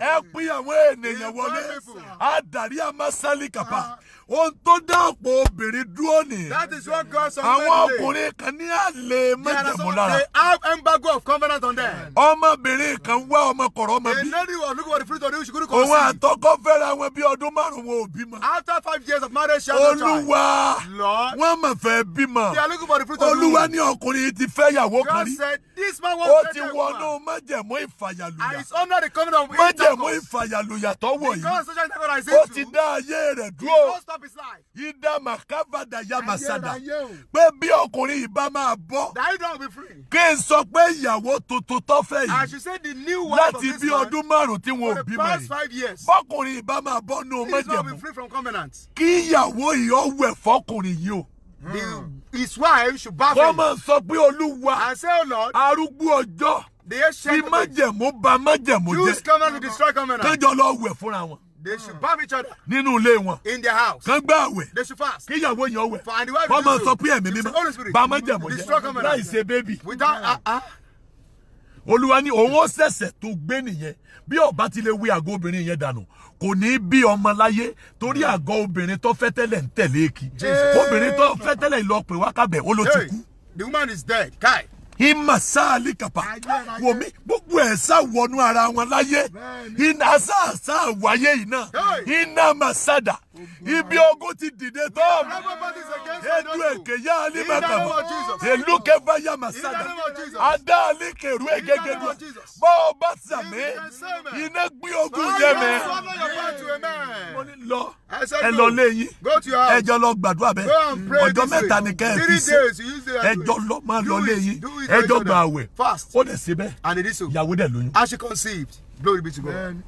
ẹ pín àwọn ènìyàn wọlé àdàlí àmàsálì kàpá. Uh-huh ohun tó dá ọ̀pọ̀ obìnrin dúró nì. that is what God said on Wednesday. àwọn ọkùnrin kan ní àlè májẹ̀mú lára. they have embargo of covenant on them. ọmọbìnrin kan wá ọmọkọ̀rọ̀ ọmọ bí. a lady was looking for the fruit of the tree she couldn't conceive. òun àtọkọ fẹ́ra wọn bí ọdún márùn-ún wọn ò bímọ. after five years of marriage she had no child. olúwa wọn mà fẹ́ bímọ. they are looking for the fruit of the tree. olúwa ní ọkùnrin ti fẹ́ yàwó kan rí. God said this man wan take a woman. ó ti wọnú májẹ̀mú ìfàyàlùyà. and it's under the covenant of intercourse. májẹ̀mú ìfàyàlùyà tọ́wọ̀ yìí. because social intercourse is true. ó ti dá ayé rẹ̀ dúró. because up his life. Yídá Màkàvàdà Yamasada. Pé bí ọkùnrin ìbá máa bọ́. That dog be free. Kí n sọ pé ìyàwó tuntun tó fẹ́ yìí. I should say the new wife of this man. Láti bí ọdún márùn-ún tí wọn ò bímọ yìí. For the past five years. Bọ́kùnrin ìbá máa bọ́ nù mọ́jẹ̀mú. He is not be free from covenant. Kí ìyàwó yìí ó wẹ̀ fọkùnrin yìí o. The his wife should baff him. Wọ́n máa sọ pé Olúwa. I say, O oh, Lord. Arúgbó ọjọ́. The ancient. Bí májẹ̀mú ba májẹ̀mú jẹ́. Jews come out to destroy covenant. Kájọ lọ wẹ̀ fúnra wọn they hmm. should bomb each other. nínú ilé wọn. in their house. kán gbá àwẹ̀. they should fast. kíyàwó yẹn wẹ̀. for and the wife will do. wọ́n máa sọ pé ẹ̀mí mímọ́ bá a máa jẹ̀mọ̀ jẹ́ láì ṣe bébì. without ah ah olúwa ní òun ó ṣẹ̀ṣẹ̀ tó gbé nìyẹn bí ọba ti lè wí àgọ́ obìnrin yẹn dànù kò ní bí ọmọ láyé torí hmm. àgọ́ obìnrin tó fẹ́ tẹ́lẹ̀ ń tẹ̀lé kí obìnrin tó fẹ́ tẹ́lẹ̀ lọ pè wákàbẹ̀ ó ló ti kú. the woman is dead kai ìmàsáàlì kàpà wòmí gbogbo ẹ̀ sá wọnú ara wọn láyé ìnà sáà sáà wáyé iná iná màsádà ibi ogun ti dìde tó edu èké yá alimakamu ìlú kẹfà yá masada adá alikeru egege dùn bọ́ ọ bá sàmì iná gbé ogun jẹ mẹ́ mo ní lọ ẹ lọ léyìn ẹ jọ lọ gbàdúrà bẹ ọjọ́ mẹ́ta ni kẹ ẹ fi sí ẹ jọ lọ máa lọ léyìn ẹ jọ gbà àwẹ̀ ó dẹ̀ síbẹ̀ ìyàwó dẹ̀ lóyún. as she conceived glory be to God. Amen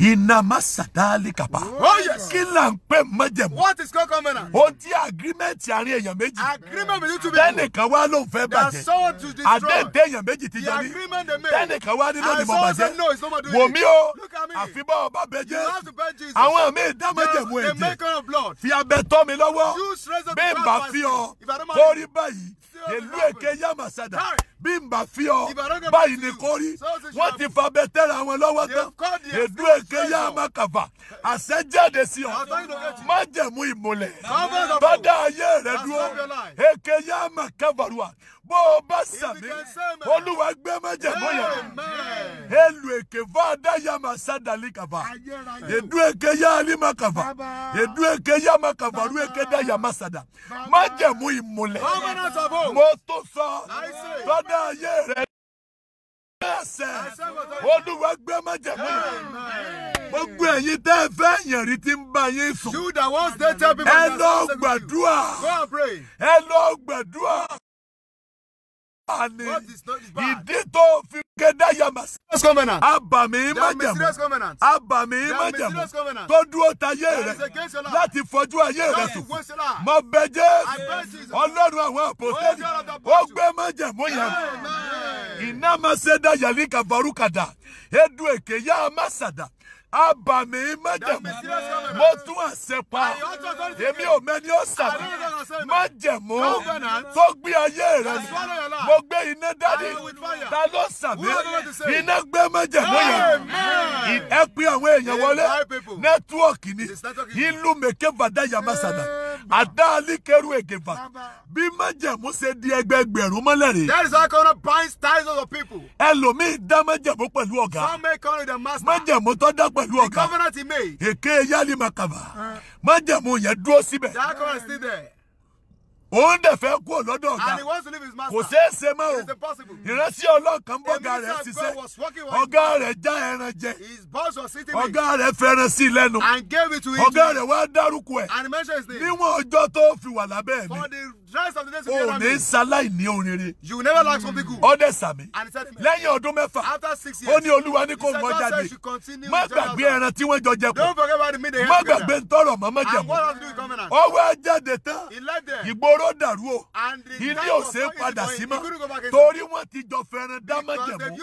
iná masadali kaba. oh kí là ń pè májẹ̀mú. what is called covenant. o ti agreement àárín èèyàn méjì. agreement between two people. tẹnìkan wá ló fẹ́ bàjẹ́. they are to destroy. àdéhùn èèyàn méjì ti jọ ní. the agreement they made. tẹnìkan wá nínú ni mo bàjẹ́. wò mí o àfibọ́ ọba bẹ you have to pay Jesus. àwọn mi dá májẹ̀mú ẹ̀jẹ̀. they make kind of blood. fi abẹ tọ́ mi lọ́wọ́. use razor to cut my bí n bá fi ọ kórìí báyìí ìlú èké yamasada bí n bá fi ọ báyìí ni kò rí wọ́n ti fa bẹ tẹ́ra wọn lọ́wọ́ tán ìlú èké yamakava àṣẹjáde sí ọ májẹ̀mú ìmọ́lẹ̀ bàdá ayé rẹ dúró èké yamakavaruwa bó o bá sàmì olúwa gbé májẹ̀mú yẹn èlù èké fáadá yamasada likava ìlú èké yalimakava ìlú èké yamakavaru èké dá yamasada májẹ̀mú ìmọ́lẹ̀ mo tún sọ tọ́dá ayé rẹ̀ ẹsẹ̀ olúwa gbé májẹ̀mú yìí gbogbo ẹ̀yin tẹ́ ẹ fẹ́ yàn rí ti ń bá yín sùn ẹ lọ gbàdúrà ẹ lọ gbàdúrà ni ìdí tó fi kéde yamasi. abàmì májàmú abàmì májàmú tó dúró tayé rẹ láti fojú ayé rẹ tù mọ bẹ Jésù Ọlọ́run àwọn oh, àpòtẹ́lì ó gbé májàmú yẹn iná máa ṣe dá yàrá kàbọrú kàdà edu èké yá a má abàmì májẹ̀mú mo tún àṣẹ pa èmi ò mẹ́ni ó sàmì májẹ̀mú tó gbé ayé rẹ nì mo gbé iná dání ta ló sàmì iná gbé májẹ̀mú yẹn ẹ pín àwọn èèyàn wọlé nẹ́tíwọ̀kì ni ìlú mèké bàdá yamasada àdáálí kẹrù ègèfà bí májẹ̀mú ṣe di ẹgbẹgbẹ̀rún mọ́lẹ̀ rè. that is how corona binds thousands of people. ẹlòmíì dá májẹ̀mú pẹ̀lú ọ̀gá májẹ̀mú tó dá pẹ̀lú pẹ̀lú ọ̀gá. the governor ti made. èké yálì màkàbà ah. májẹ̀mú yẹn dúró síbẹ̀. that governor still there òun dẹ̀ fẹ́ kú lọ́dọ̀ ọ̀gá kò ṣeé ṣe mọ́ o ìránṣẹ́ ọlọ́kan bọ́gà rẹ̀ ṣiṣẹ́ ọ̀gá rẹ̀ já ẹran jẹ ọ̀gá rẹ̀ fẹ́ràn sí lẹ́nu ọ̀gá rẹ̀ wá dárúkọ ẹ̀ níwọ̀n ọjọ́ tó fi wà lábẹ́ mi o ní sáláì ní oríire. you never lack something good. ọdẹ sàmì lẹ́yìn ọdún mẹ́fà ó ní olúwa ní kó mọ jáde má gbàgbé ẹran tí wọ́n jọ jẹ kù má gbàgbé ntọ́rọ̀ mọ́mọ́ jẹ mọ́ ọwọ́ ajáde tán ìgboro dàrú o ilé òsè padà sí mọ́ torí wọ́n ti jọ fẹ́ràn dá májẹ̀mú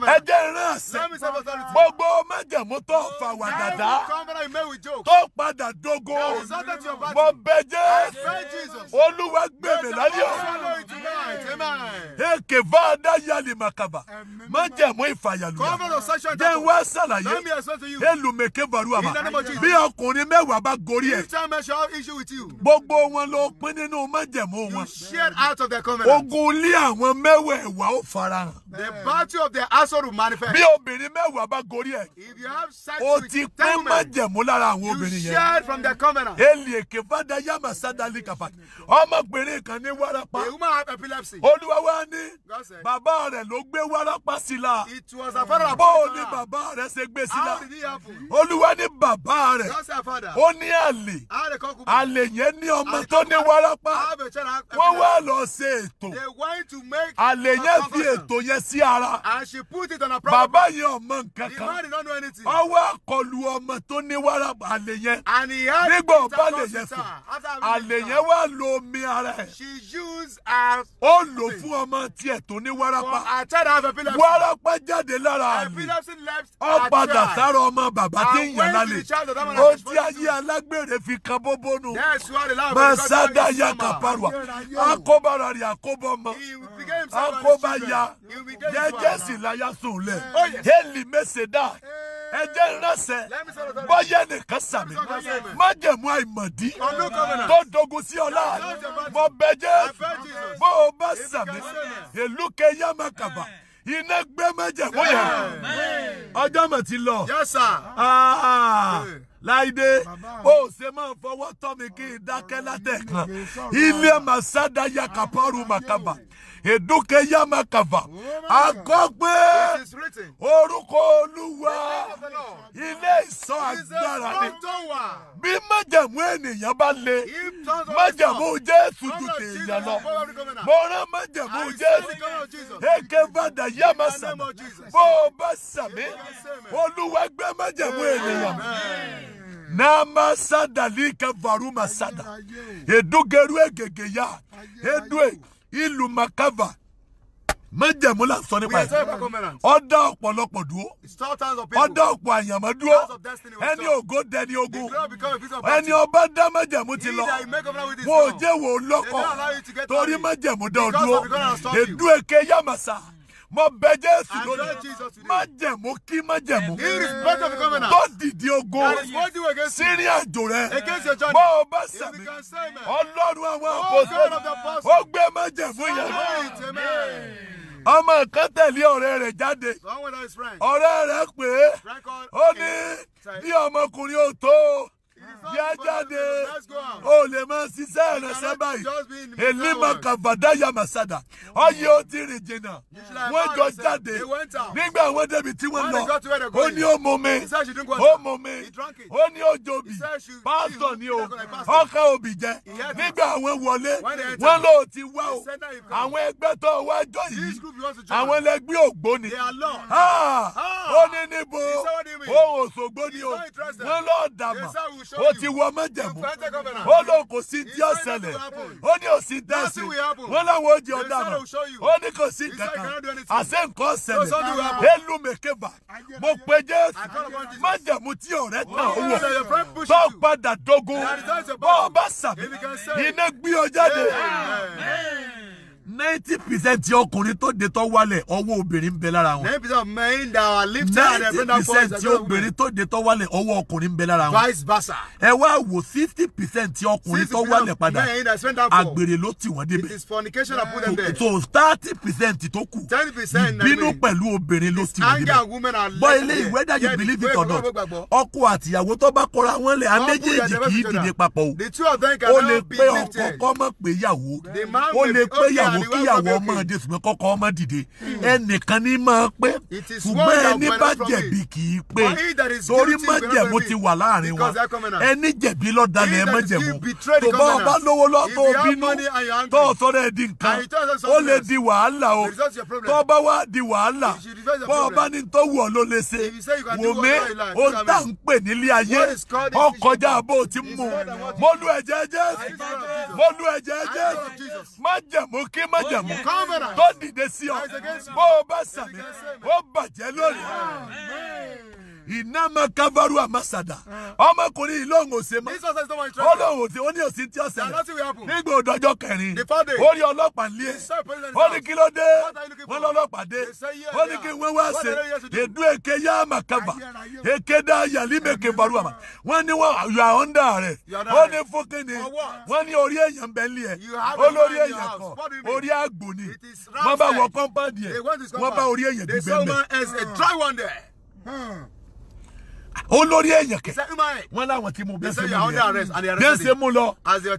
ẹjẹ́ ìran àṣẹ gbogbo májẹ̀mú tó oh, fà wàdàdà tó padà dogo mo bẹ jẹ́ olúwa wá gbèmí láyọ̀. èké fáadá yálì màkàbà má jẹ̀mú ìfàyàlùyà jẹ́ wá sàlàyé elùmẹ̀kẹ́ bàrú àmà bí ọkùnrin mẹ́wàá bá gorí ẹ̀ gbogbo wọn ló pín nínú má jẹ̀mú wọn ogun ilé àwọn mẹ́wẹ̀ẹ̀wá ó farahàn. bí obìnrin mẹ́wàá bá gorí ẹ̀ o e. ti pín má jẹ̀mú lára àwọn obìnrin yẹn. you shared from the covenant. èlì èké fáadá kàfà ọmọ péré kan ní wárápá. a woman had epilepsy. olúwa wa ní. bàbá rẹ̀ ló gbé wárápá sí la. it was her father. bó o bàbá rẹ̀ ṣe gbé sí la. olúwa ní bàbá rẹ̀. ó ní àlè. àlè yẹn ní ọmọ tó ní wárápá. wọ́n wá lọ ṣe ètò. they want to make. àlè yẹn fi ètò yẹn sí ara. bàbá yẹn ọmọ nǹkan kan. ọwọ́ àkọlù ọmọ tó ní wárápá àlè yẹn. nígbà ọ̀bá àlè yẹn fún. àlè yẹn wá lo omi ara ẹ̀. she used her. ó lò fún ọmọ tiẹ̀ tó ní wárápá. for her child have epilepsy. wárápá jáde lára àlè. epilepsy left her child. ó padà sára ọmọ bàbá tí ń yàn lálẹ́. ó ti ayé alágbèrè fi kan bóbónú. yes wàá lè láwọn ọmọ ìgbà tó ń yàn sọ́mà. masada yakaparwa akóbára rẹ̀ akóbọ́mọ akobaya jẹjẹ sì láyà sùn lẹ heli mẹsẹdá ẹjẹ ránṣẹ́ bọyẹ nìkan sàmì májẹ̀mú àìmọdí oh, tó dogun sí ọlá mọ bẹjẹ bó o bá sàmì èlú kẹyà má kàbà iná gbé májẹ̀mú yẹn ọjọ́ mọ̀ ti lọ. Ah, eh. láìdé ó ṣe máa fọwọ́ tọ́ mi kí n dákẹ́ látẹ̀kan ilé màsádà yakapọ́rù màkàbà èdúkẹ́ yamakava àgọ́gbé orúkọ olúwa ilé ìsọ agbára ni bí májàmú ènìyàn bá le májàmú jésù ju tèèyàn lọ mo rán májàmú jésù èké bàdà yamasàmì bó o bá sàmì olúwa gbé májàmú ènìyàn nama sada lika varuma sada edugeru egegeya edue ìlú makava májẹ̀mú la sọ nípa ẹ̀ ọ̀dà ọ̀pọ̀lọpọ̀ dúró ọ̀dà ọ̀pọ̀ àyànmọ́ dúró ẹni ògo dẹni ogun ẹni ọba dá májẹ̀mú ti lọ wọn ò jẹ́ wò ó lọ́kọ̀ torí májẹ̀mú dá ọ dúró èdú èké yàmàsà mo bẹ jésù lónìí má jẹ̀mú kí má jẹ̀mú tó dìde ogun sínú àjò rẹ bó o bá sàmì ọlọ́run àwọn àpòsílẹ̀ oh, ó gbé má jẹ̀mú yẹn ọmọ kan tẹ̀lé ọ̀rẹ́ rẹ̀ jáde ọ̀rẹ́ rẹ̀ pé ó ní bí ọmọkùnrin ò tó yẹ jáde o lè máa ṣiṣẹ́ ìrẹsẹ̀ báyìí èlímọ̀ kàfàdá yamasada ọyẹ ó ti rìn jìnnà wọ́n jọ jáde nígbà wọ́n débi tí wọ́n lọ ó ní ó mú mi ó mú mi ó ní ó jobi pásítọ̀ ni o ọkọ̀ òbí jẹ nígbà wọ́n wọlé wọ́n lọ ti wá o àwọn ẹgbẹ́ tó wá jọ yìí àwọn ẹlẹgbẹ́ ògbóni ah! ah! ó ní níbo ohun òṣògbó ni o wọ́n lọ́ọ́ dàgbà ó ti wọ mẹ́jẹ̀mú ó lóun kò sí tí ó ṣẹlẹ̀ ó ní òsì dẹ́sì wọ́n láwọn oúnjẹ ọ̀daràn ó ní kò sí kankan àṣẹ nǹkan ṣẹlẹ̀ elu mekeba mo pe Jésù mẹ́jẹ̀mú tí ọ̀rẹ́ tàn ó oh, wọ̀ bá ọ padà dogun bá ọ bá sàmì iná gbé ọ jáde ninety percent ti ọkùnrin tó de tó wálẹ̀ ọwọ́ obìnrin ń bẹ lára wọn. ninety percent of men that are lifted and bring down boys. ninety percent ti obìnrin tó de tó wálẹ̀ ọwọ́ ọkùnrin ń bẹ lára wọn. vice versa. ẹ wá wo fifty percent ti ọkùnrin tó wálẹ̀ padà àgbèrè ló tì wọ́n débẹ̀. it is fornication that put them there. so thirty percent tó kù ìbínú pẹ̀lú obìnrin ló tì wọ́n débẹ̀. bọ́ ilé ìwé dájú believe it or not ọkọ àtìyàwó tó bá kọra wọn lẹ̀ àméjèèjì kì í dìde papọ̀ o. the two of them can cannot be lifted. o lè pé ọkọ kọ́mọ̀ pé yàwó kíyàwó ọmọ dé ṣùgbọ́n kọ́kọ́ ọmọ dìde hmm. ẹnìkan ní máa pé ṣùgbọ́n ẹni bá jẹ̀bi kì í pé torí májẹ̀mú ti wà láàrin wa ẹni jẹ̀bi lọ́dalẹ̀ ẹ tó bá lówó lọ́tọ̀ bínú tó sọ́dọ̀ ẹ di nǹkan ó di wàhálà o tó bá di wàhálà ọba ní tó wù ọ ló lè ṣe wò mí o ń tà ń pè nílé ayé bó ti mú mọ́lú ẹ̀jẹ̀ jẹ́ mọ́lú ẹ̀jẹ̀ jẹ́ kí ní májẹ̀mú tó dìde sí ọ bó o bá sàmì ó bàjẹ́ lónìí. ìnáma mm. kavaru amasada ah. ọmọkùnrin ìlú òun òsè mọ́ ó lóun òsè ó ní òsì tí ó o nígbà òdọjọ́ kẹrin ó rí ọlọ́pàá nílé ó ní kí ló dé eke ya dé ó ah. ní kí wọ́n wá ṣe èdú èké ni ni wọ́n ní orí èèyàn bẹ́ẹ̀ ni ni wọ́n wọ kọ́ńpáàdì ẹ̀ wọ́n bá orí olórí èèyàn kẹ wọn láwọn tí mo bẹ ṣe mú lọ bẹ ṣe mú lọ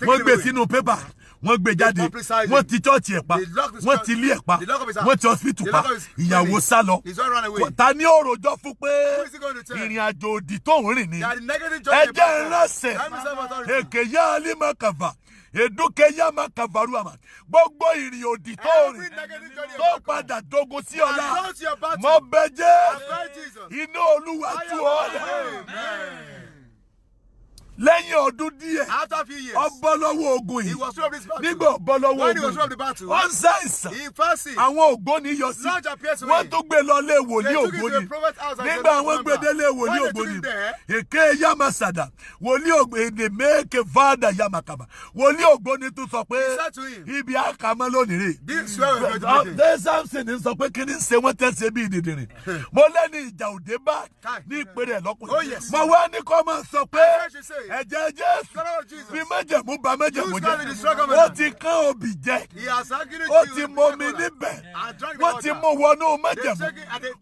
wọn gbé sínú pépà wọn gbé jáde wọn ti chọọchì ẹ pa wọn ti ilé ẹ pa wọn ti hospital pa ìyàwó sá lọ ta ni ó rojọ́ fún pé ìrìn àjò òdì tó ń rìn ni ẹ jẹ́ ìránṣẹ́ èkè yá alimọ̀ kàfà èdúkẹ́ yá máa kà fàrú àmà gbogbo ìrìn òdì tó rìn tó padà dogo sí ọ̀la mọ bẹ jẹ́ iná olúwa tú ọ lẹ́ lẹ́yìn ọdún díẹ̀ ó bọ́ lọ́wọ́ ogun yìí nígbà ó bọ́ lọ́wọ́ ogun ó ń ṣàìsàn àwọn ògbóni yọ sí wọ́n tún gbé lọ lé wòlíì ògbóni nígbà àwọn gbèdé lé wòlíì ògbóni èké yamasada wòlíì ògbóni méèké fada yamakaba wòlíì ògbóni tún sọ pé ibi àkàmọ́ lónìí rè dé samson sọ pé kí ni ṣe wọ́n tẹ̀sẹ̀ bí ìdìdìrín mo lẹ́ni ìjà òde bá ní ìpèrè lọ́kùnrin oh, mo wá ní kọ́ máa sọ pé ẹ̀jẹ̀ jésù fi májẹ̀mú ba májẹ̀mú jẹ́ ó ti kán obì jẹ ó ti momi níbẹ̀ wọ́n ti mú wọnú májẹ̀mú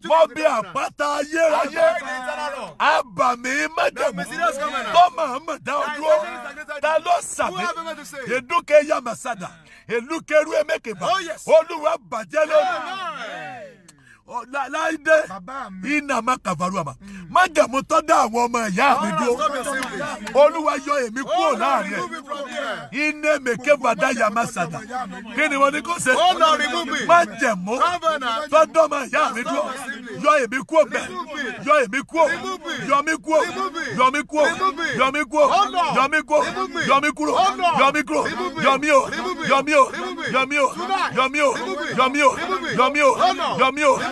mọ́ bí àpáta ayérayé abàmì májẹ̀mú tó máa mọ̀ dá ọ dúró ta ló sàmì èdúkẹ́ yamasada èlúkẹ́rú ẹ̀mẹ́kẹ̀bà oh, olúwa bàjẹ́ lónìí láìdé iná má kàfàrú àmà má jẹ̀mú tọ́ da àwọn ọmọ ìyá mi dúró olúwa yọ èmi kúrò láàrin ẹ̀ iná mèké bàdá yàmá sàdà kí ni wọ́n ní kó ṣe má jẹ̀mú tọ́ da ọmọ ìyá mi dúró yọ èmi kúrò bẹ́ẹ̀ yọ èmi kúrò yọ mí kúrò yọ mí kúrò yọ mí kúrò yọ mí kúrò yọ mí kúrò yọ mí kúrò yọ mí o yọ mí o yọ mí o yọ mí o yọ mí o yọ mí o yọ mí o.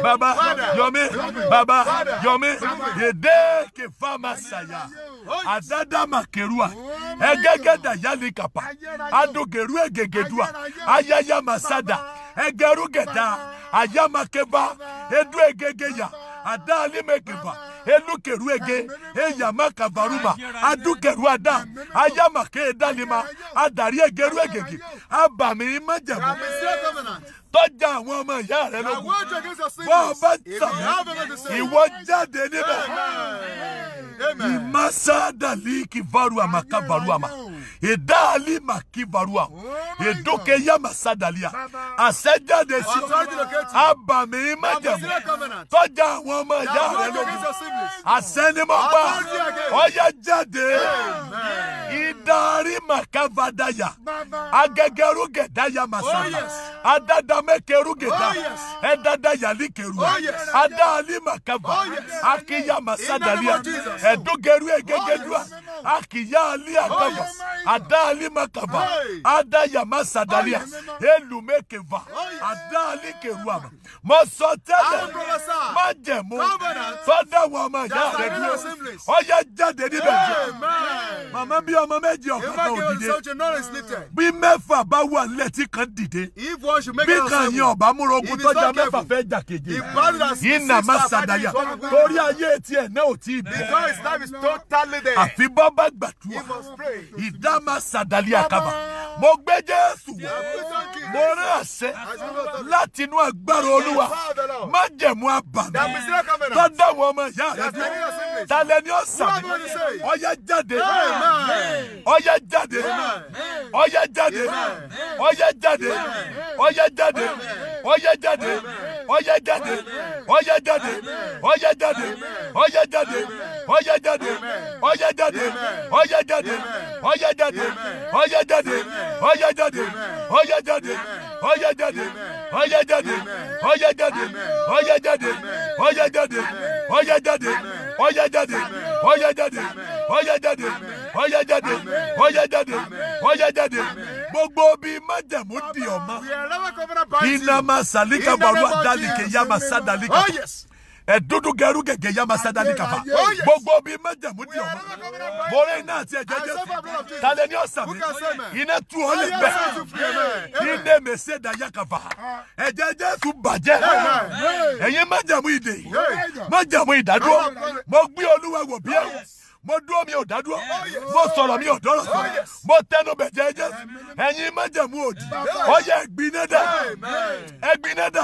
Baba, Yomi, Baba, Yomi, Yede ke Saya, Adada Makerua, oh, Egegeda Yalikapa, Adogeru Egegedua, Ayaya Masada, Egeru ayama keba, Edu Egegeya, Adali Mekeba, Elukeru Ege, Eyama Kavaruma, Adukeru Ada, ke Dalima, e Adari Egeru Egegi, Abami Imajabu, tọ́jà àwọn ọmọ ìyá rẹ lógun bọ́ọ̀ bá tàn ìwọ jáde níbẹ̀. imasadali kivarua makavaruama edali makivarua edoke ya masada masadalia àṣẹjáde sí abàmì májẹ̀mú tọ́jà àwọn ọmọ ìyá rẹ lóko àṣẹnimọ́gbà ọyẹ jáde idari makavadaya agẹgẹru gẹdaya masada oh, adadamekeru gẹda ẹdadayalikeru oh, oh, adali makava akiya masadalia ẹ ẹ̀dúngeru egegedua akiya ali akaba ada ali makaba ada yama sadalia elume keva ada ali keruaba mo sọ tẹ́lẹ̀ má jẹ̀mú fọ́dà wọ ọmọ ìyá rẹ dúró ọyẹ jáde níbẹ̀ jẹ́ màmá bí ọmọ méjì ọ̀kan náà òdìdé bí mẹ́fà bá wà lẹ́tí kan dìde bí kan yín ọ̀bá múra ogun tọ́jà mẹ́fà fẹ́ jà keje yín nà má sadaya torí ayé tiẹ̀ náà ò tí ì bẹ̀rẹ̀ his life is totally there. àfi bọ́ bá gbàdúrà ìdá máa ṣàdálẹ̀ àkàbà mo gbé jésù mo rí àṣẹ láti inú agbára olúwa má jẹ̀mú àbàmì tó dáwọn ọmọ ìyá rẹ dúró talẹ̀ ni ó sàmì ọyẹ jáde ọyẹ jáde ọyẹ jáde ọyẹ jáde ọyẹ jáde ọyẹ jáde ọyẹ jáde ọyẹ jáde ọyẹ jáde ọyẹ jáde ọyẹ jáde ọyẹ jáde ọyẹ jáde ọyẹ jáde ọyẹ jáde ọyẹ jáde ọyẹ jáde ọyẹ jáde ọyẹ jáde ọyẹ jáde ọyẹ jáde ọyẹ jáde ọyẹ jáde ọyẹ jáde ọyẹ jáde ọyẹ jáde ọyẹ jáde ọyẹ jáde ọyẹ jáde gbogbo bíi májàmú di ọmọ iná máa sàlíkà bọ̀rọ̀ àdálìkè yá máa sádàlíkà ẹdúdú gẹrú gẹ́gẹ́ yamasada ní kàfà gbogbo bíi mẹjẹmú di ọmọ mọrẹ iná àti ẹ̀jẹ̀ jésù talẹ ní ọsàn mi iná tu ọ lè bẹ iná mèsè dàyà kàfà ah. ẹ̀jẹ̀ jésù bàjẹ́ ẹ̀yin mẹjẹmú ìdè mẹjẹmú ìdádúró mo gbé olúwa wò bí ẹ oh, mo dúró mi ò dádúró oh, mo sọ̀rọ̀ mi ò dọ́rọ̀ sọ̀rọ̀ oh, mo tẹnu bẹ̀ jẹ́jẹ́ ẹ̀yin mẹjẹmú òdì ọyẹ ẹgbin náà dà ẹgbin náà dà.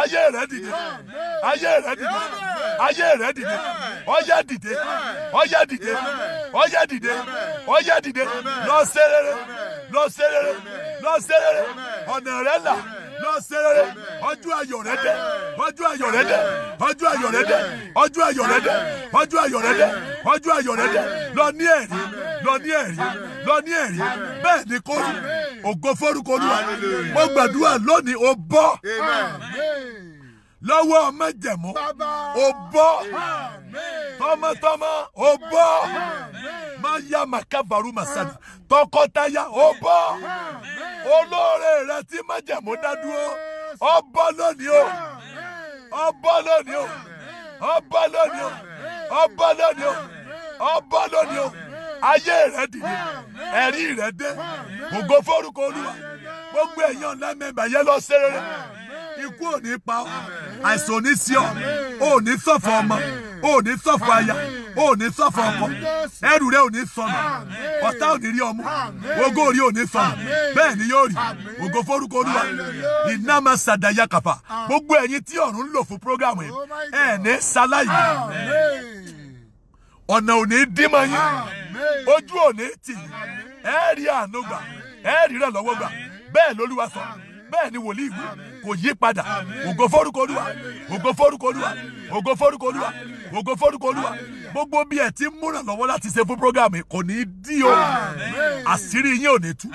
ayé rẹ dìde ayé rẹ dìde ayé rẹ dìde ọyá dìde ọyá dìde ọyá dìde ọyá dìde lọ sẹrẹrẹ lọ sẹrẹrẹ lọ sẹrẹrẹ ọ̀nà rẹ là lọ ṣe rere ọjọ́ ayọ̀ rẹ dé ọjọ́ ayọ̀ rẹ dé ọjọ́ ayọ̀ rẹ dé ọjọ́ ayọ̀ rẹ dé ọjọ́ ayọ̀ rẹ dé ọjọ́ ayọ̀ rẹ dé lọ ní ẹ̀rí lọ ní ẹ̀rí lọ ní ẹ̀rí bẹ́ẹ̀ ni kò rí ògo forúkọ Olúwa mo gbàdúrà lónìí o bọ́ lọ́wọ́ májẹ̀mú ó bọ́ tọmọtọmọ ó bọ́ máa yá màkàbàrú màsàdà tọkọtaya ó bọ́ olóore rẹ tí májẹ̀mú dá dúró ó bọ́ lónìí o ó bọ́ lónìí o ó bọ́ lónìí o ó bọ́ lónìí o ó bọ́ lónìí o ayé rẹ dìde ẹ̀rí rẹ dé ògo fórúkọ olúwa gbogbo ẹ̀yàn ńlá mẹ́bàá yẹn lọ sẹ́rẹ̀rẹ̀ ikú ò ní pa ọ́ àìsàn ò ní sí ọ ò ní ṣọ̀fọ̀ ọmọ ò ní ṣọ̀fọ̀ aya ò ní ṣọ̀fọ̀ ọkọ ẹrù rẹ ò ní sọnù ọ̀tá ò ní rí ọmú ògo orí ò ní sọnù bẹ́ẹ̀ ni yóò rí ògo forúkọ olúwa iná máa ṣàdáyà kàfà gbogbo ẹ̀yin tí ọ̀run ń lò fún prógrámù yìí ẹ̀ ní sáláì ọ̀nà ò ní dí mọ́ yín ojú ò ní tì yín ẹ̀ rí àánú gbà ẹ̀ rí rẹ̀ lọ́wọ́ gbà bẹ́ẹ̀ lolúwa sọ bẹ́ẹ̀ ni wòlíì wí kò yí padà ògo forúkọ olúwa ògo forúkọ olúwa ògo forúkọ olúwa ògo forúkọ olúwa gbogbo bí ẹ ti ń múràn lọ́wọ́ láti ṣe fún programme kò ní í dí o àṣírí yín ò ní tú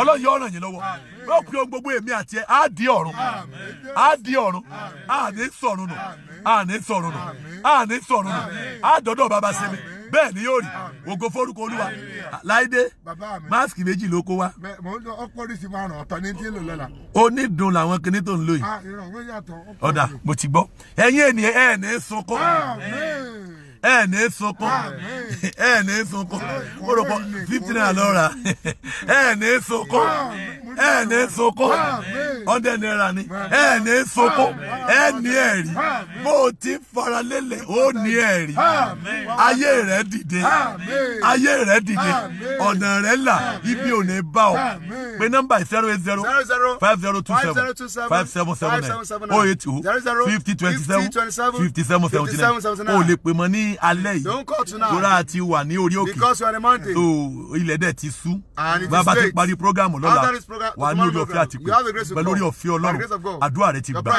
ọlọ́run yóò ràn yín lọ́wọ́ yóò pe ohun gbogbo èmi àti ẹ á di ọ̀run á di ọ̀run á ní sọ̀run nù á ní sọ̀run nù á ní sọ̀run nù á dọ́dọ̀ bàbá sẹ́mi bẹ́ẹ̀ ni yóò rí ògo forúkọ olúwa láìdé máàsì méjì ló kó wa. ọpọlọsí máa ràn ọ̀tọ̀ ní tí ń lò lọ́la. ó ní dùn làwọn kinní tó ń lò yìí. Ah, ọ̀dà mo ti gbọ́ ẹ̀yin ènìyàn ẹ̀ ní sunkún ẹ ní sunkún ẹ ní sunkún ó rò pọ̀ fifty naira lọ́ra ẹ ní sunkún. ẹ ní sunkún ọdẹ náírà ni ẹ ní sunkún ẹ ní ẹ̀rí bó o ti fara lélẹ̀ ó ní ẹ̀rí ayé rẹ dìde ayé rẹ dìde ọ̀nà rẹ là ibi ò ní bá ọ pé nọ́mbà zero eight zero five zero two seven five seven seven nine oh eight oh fifty twenty seven fifty seven seventy nine o oh, lè pè mọ́ ní alẹ́ yìí tóra ti wà ní orí òkè so oh, ilẹ̀ dẹ̀ ti sú bàbá ti parí programu lọ́la wà á ní orí ọ̀fẹ́ àti pé pẹ̀lú orí ọ̀fẹ́ ọlọ́run àdúrà rẹ ti gbà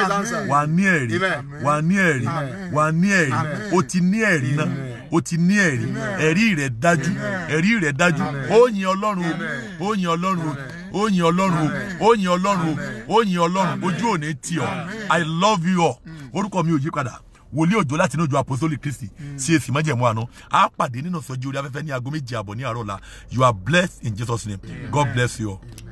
wà á ní ẹ̀rí wà ní ẹ̀rí wà ní ẹ̀rí o ti ní ẹ̀rí náà o ti ní ẹ̀rí ẹ̀rí rẹ dájú ẹ̀rí rẹ dájú ó yin ọlọ́run o ó yin ọlọ́run o ó yin ọlọ́run o ó yin ọlọ́run o ó yin ọlọ́run ojú ò ní tì i love you all mm. orúkọ mi ò yí padà wòlíì òjò láti inú ìjọ apostoli kristi sí mm. èsì májẹ̀mú àná a pàdé nínú sọjí orí afẹ́fẹ́ ní aago méje àbọ̀ ní àárọ̀ la you are blessed in jesus name god bless you all.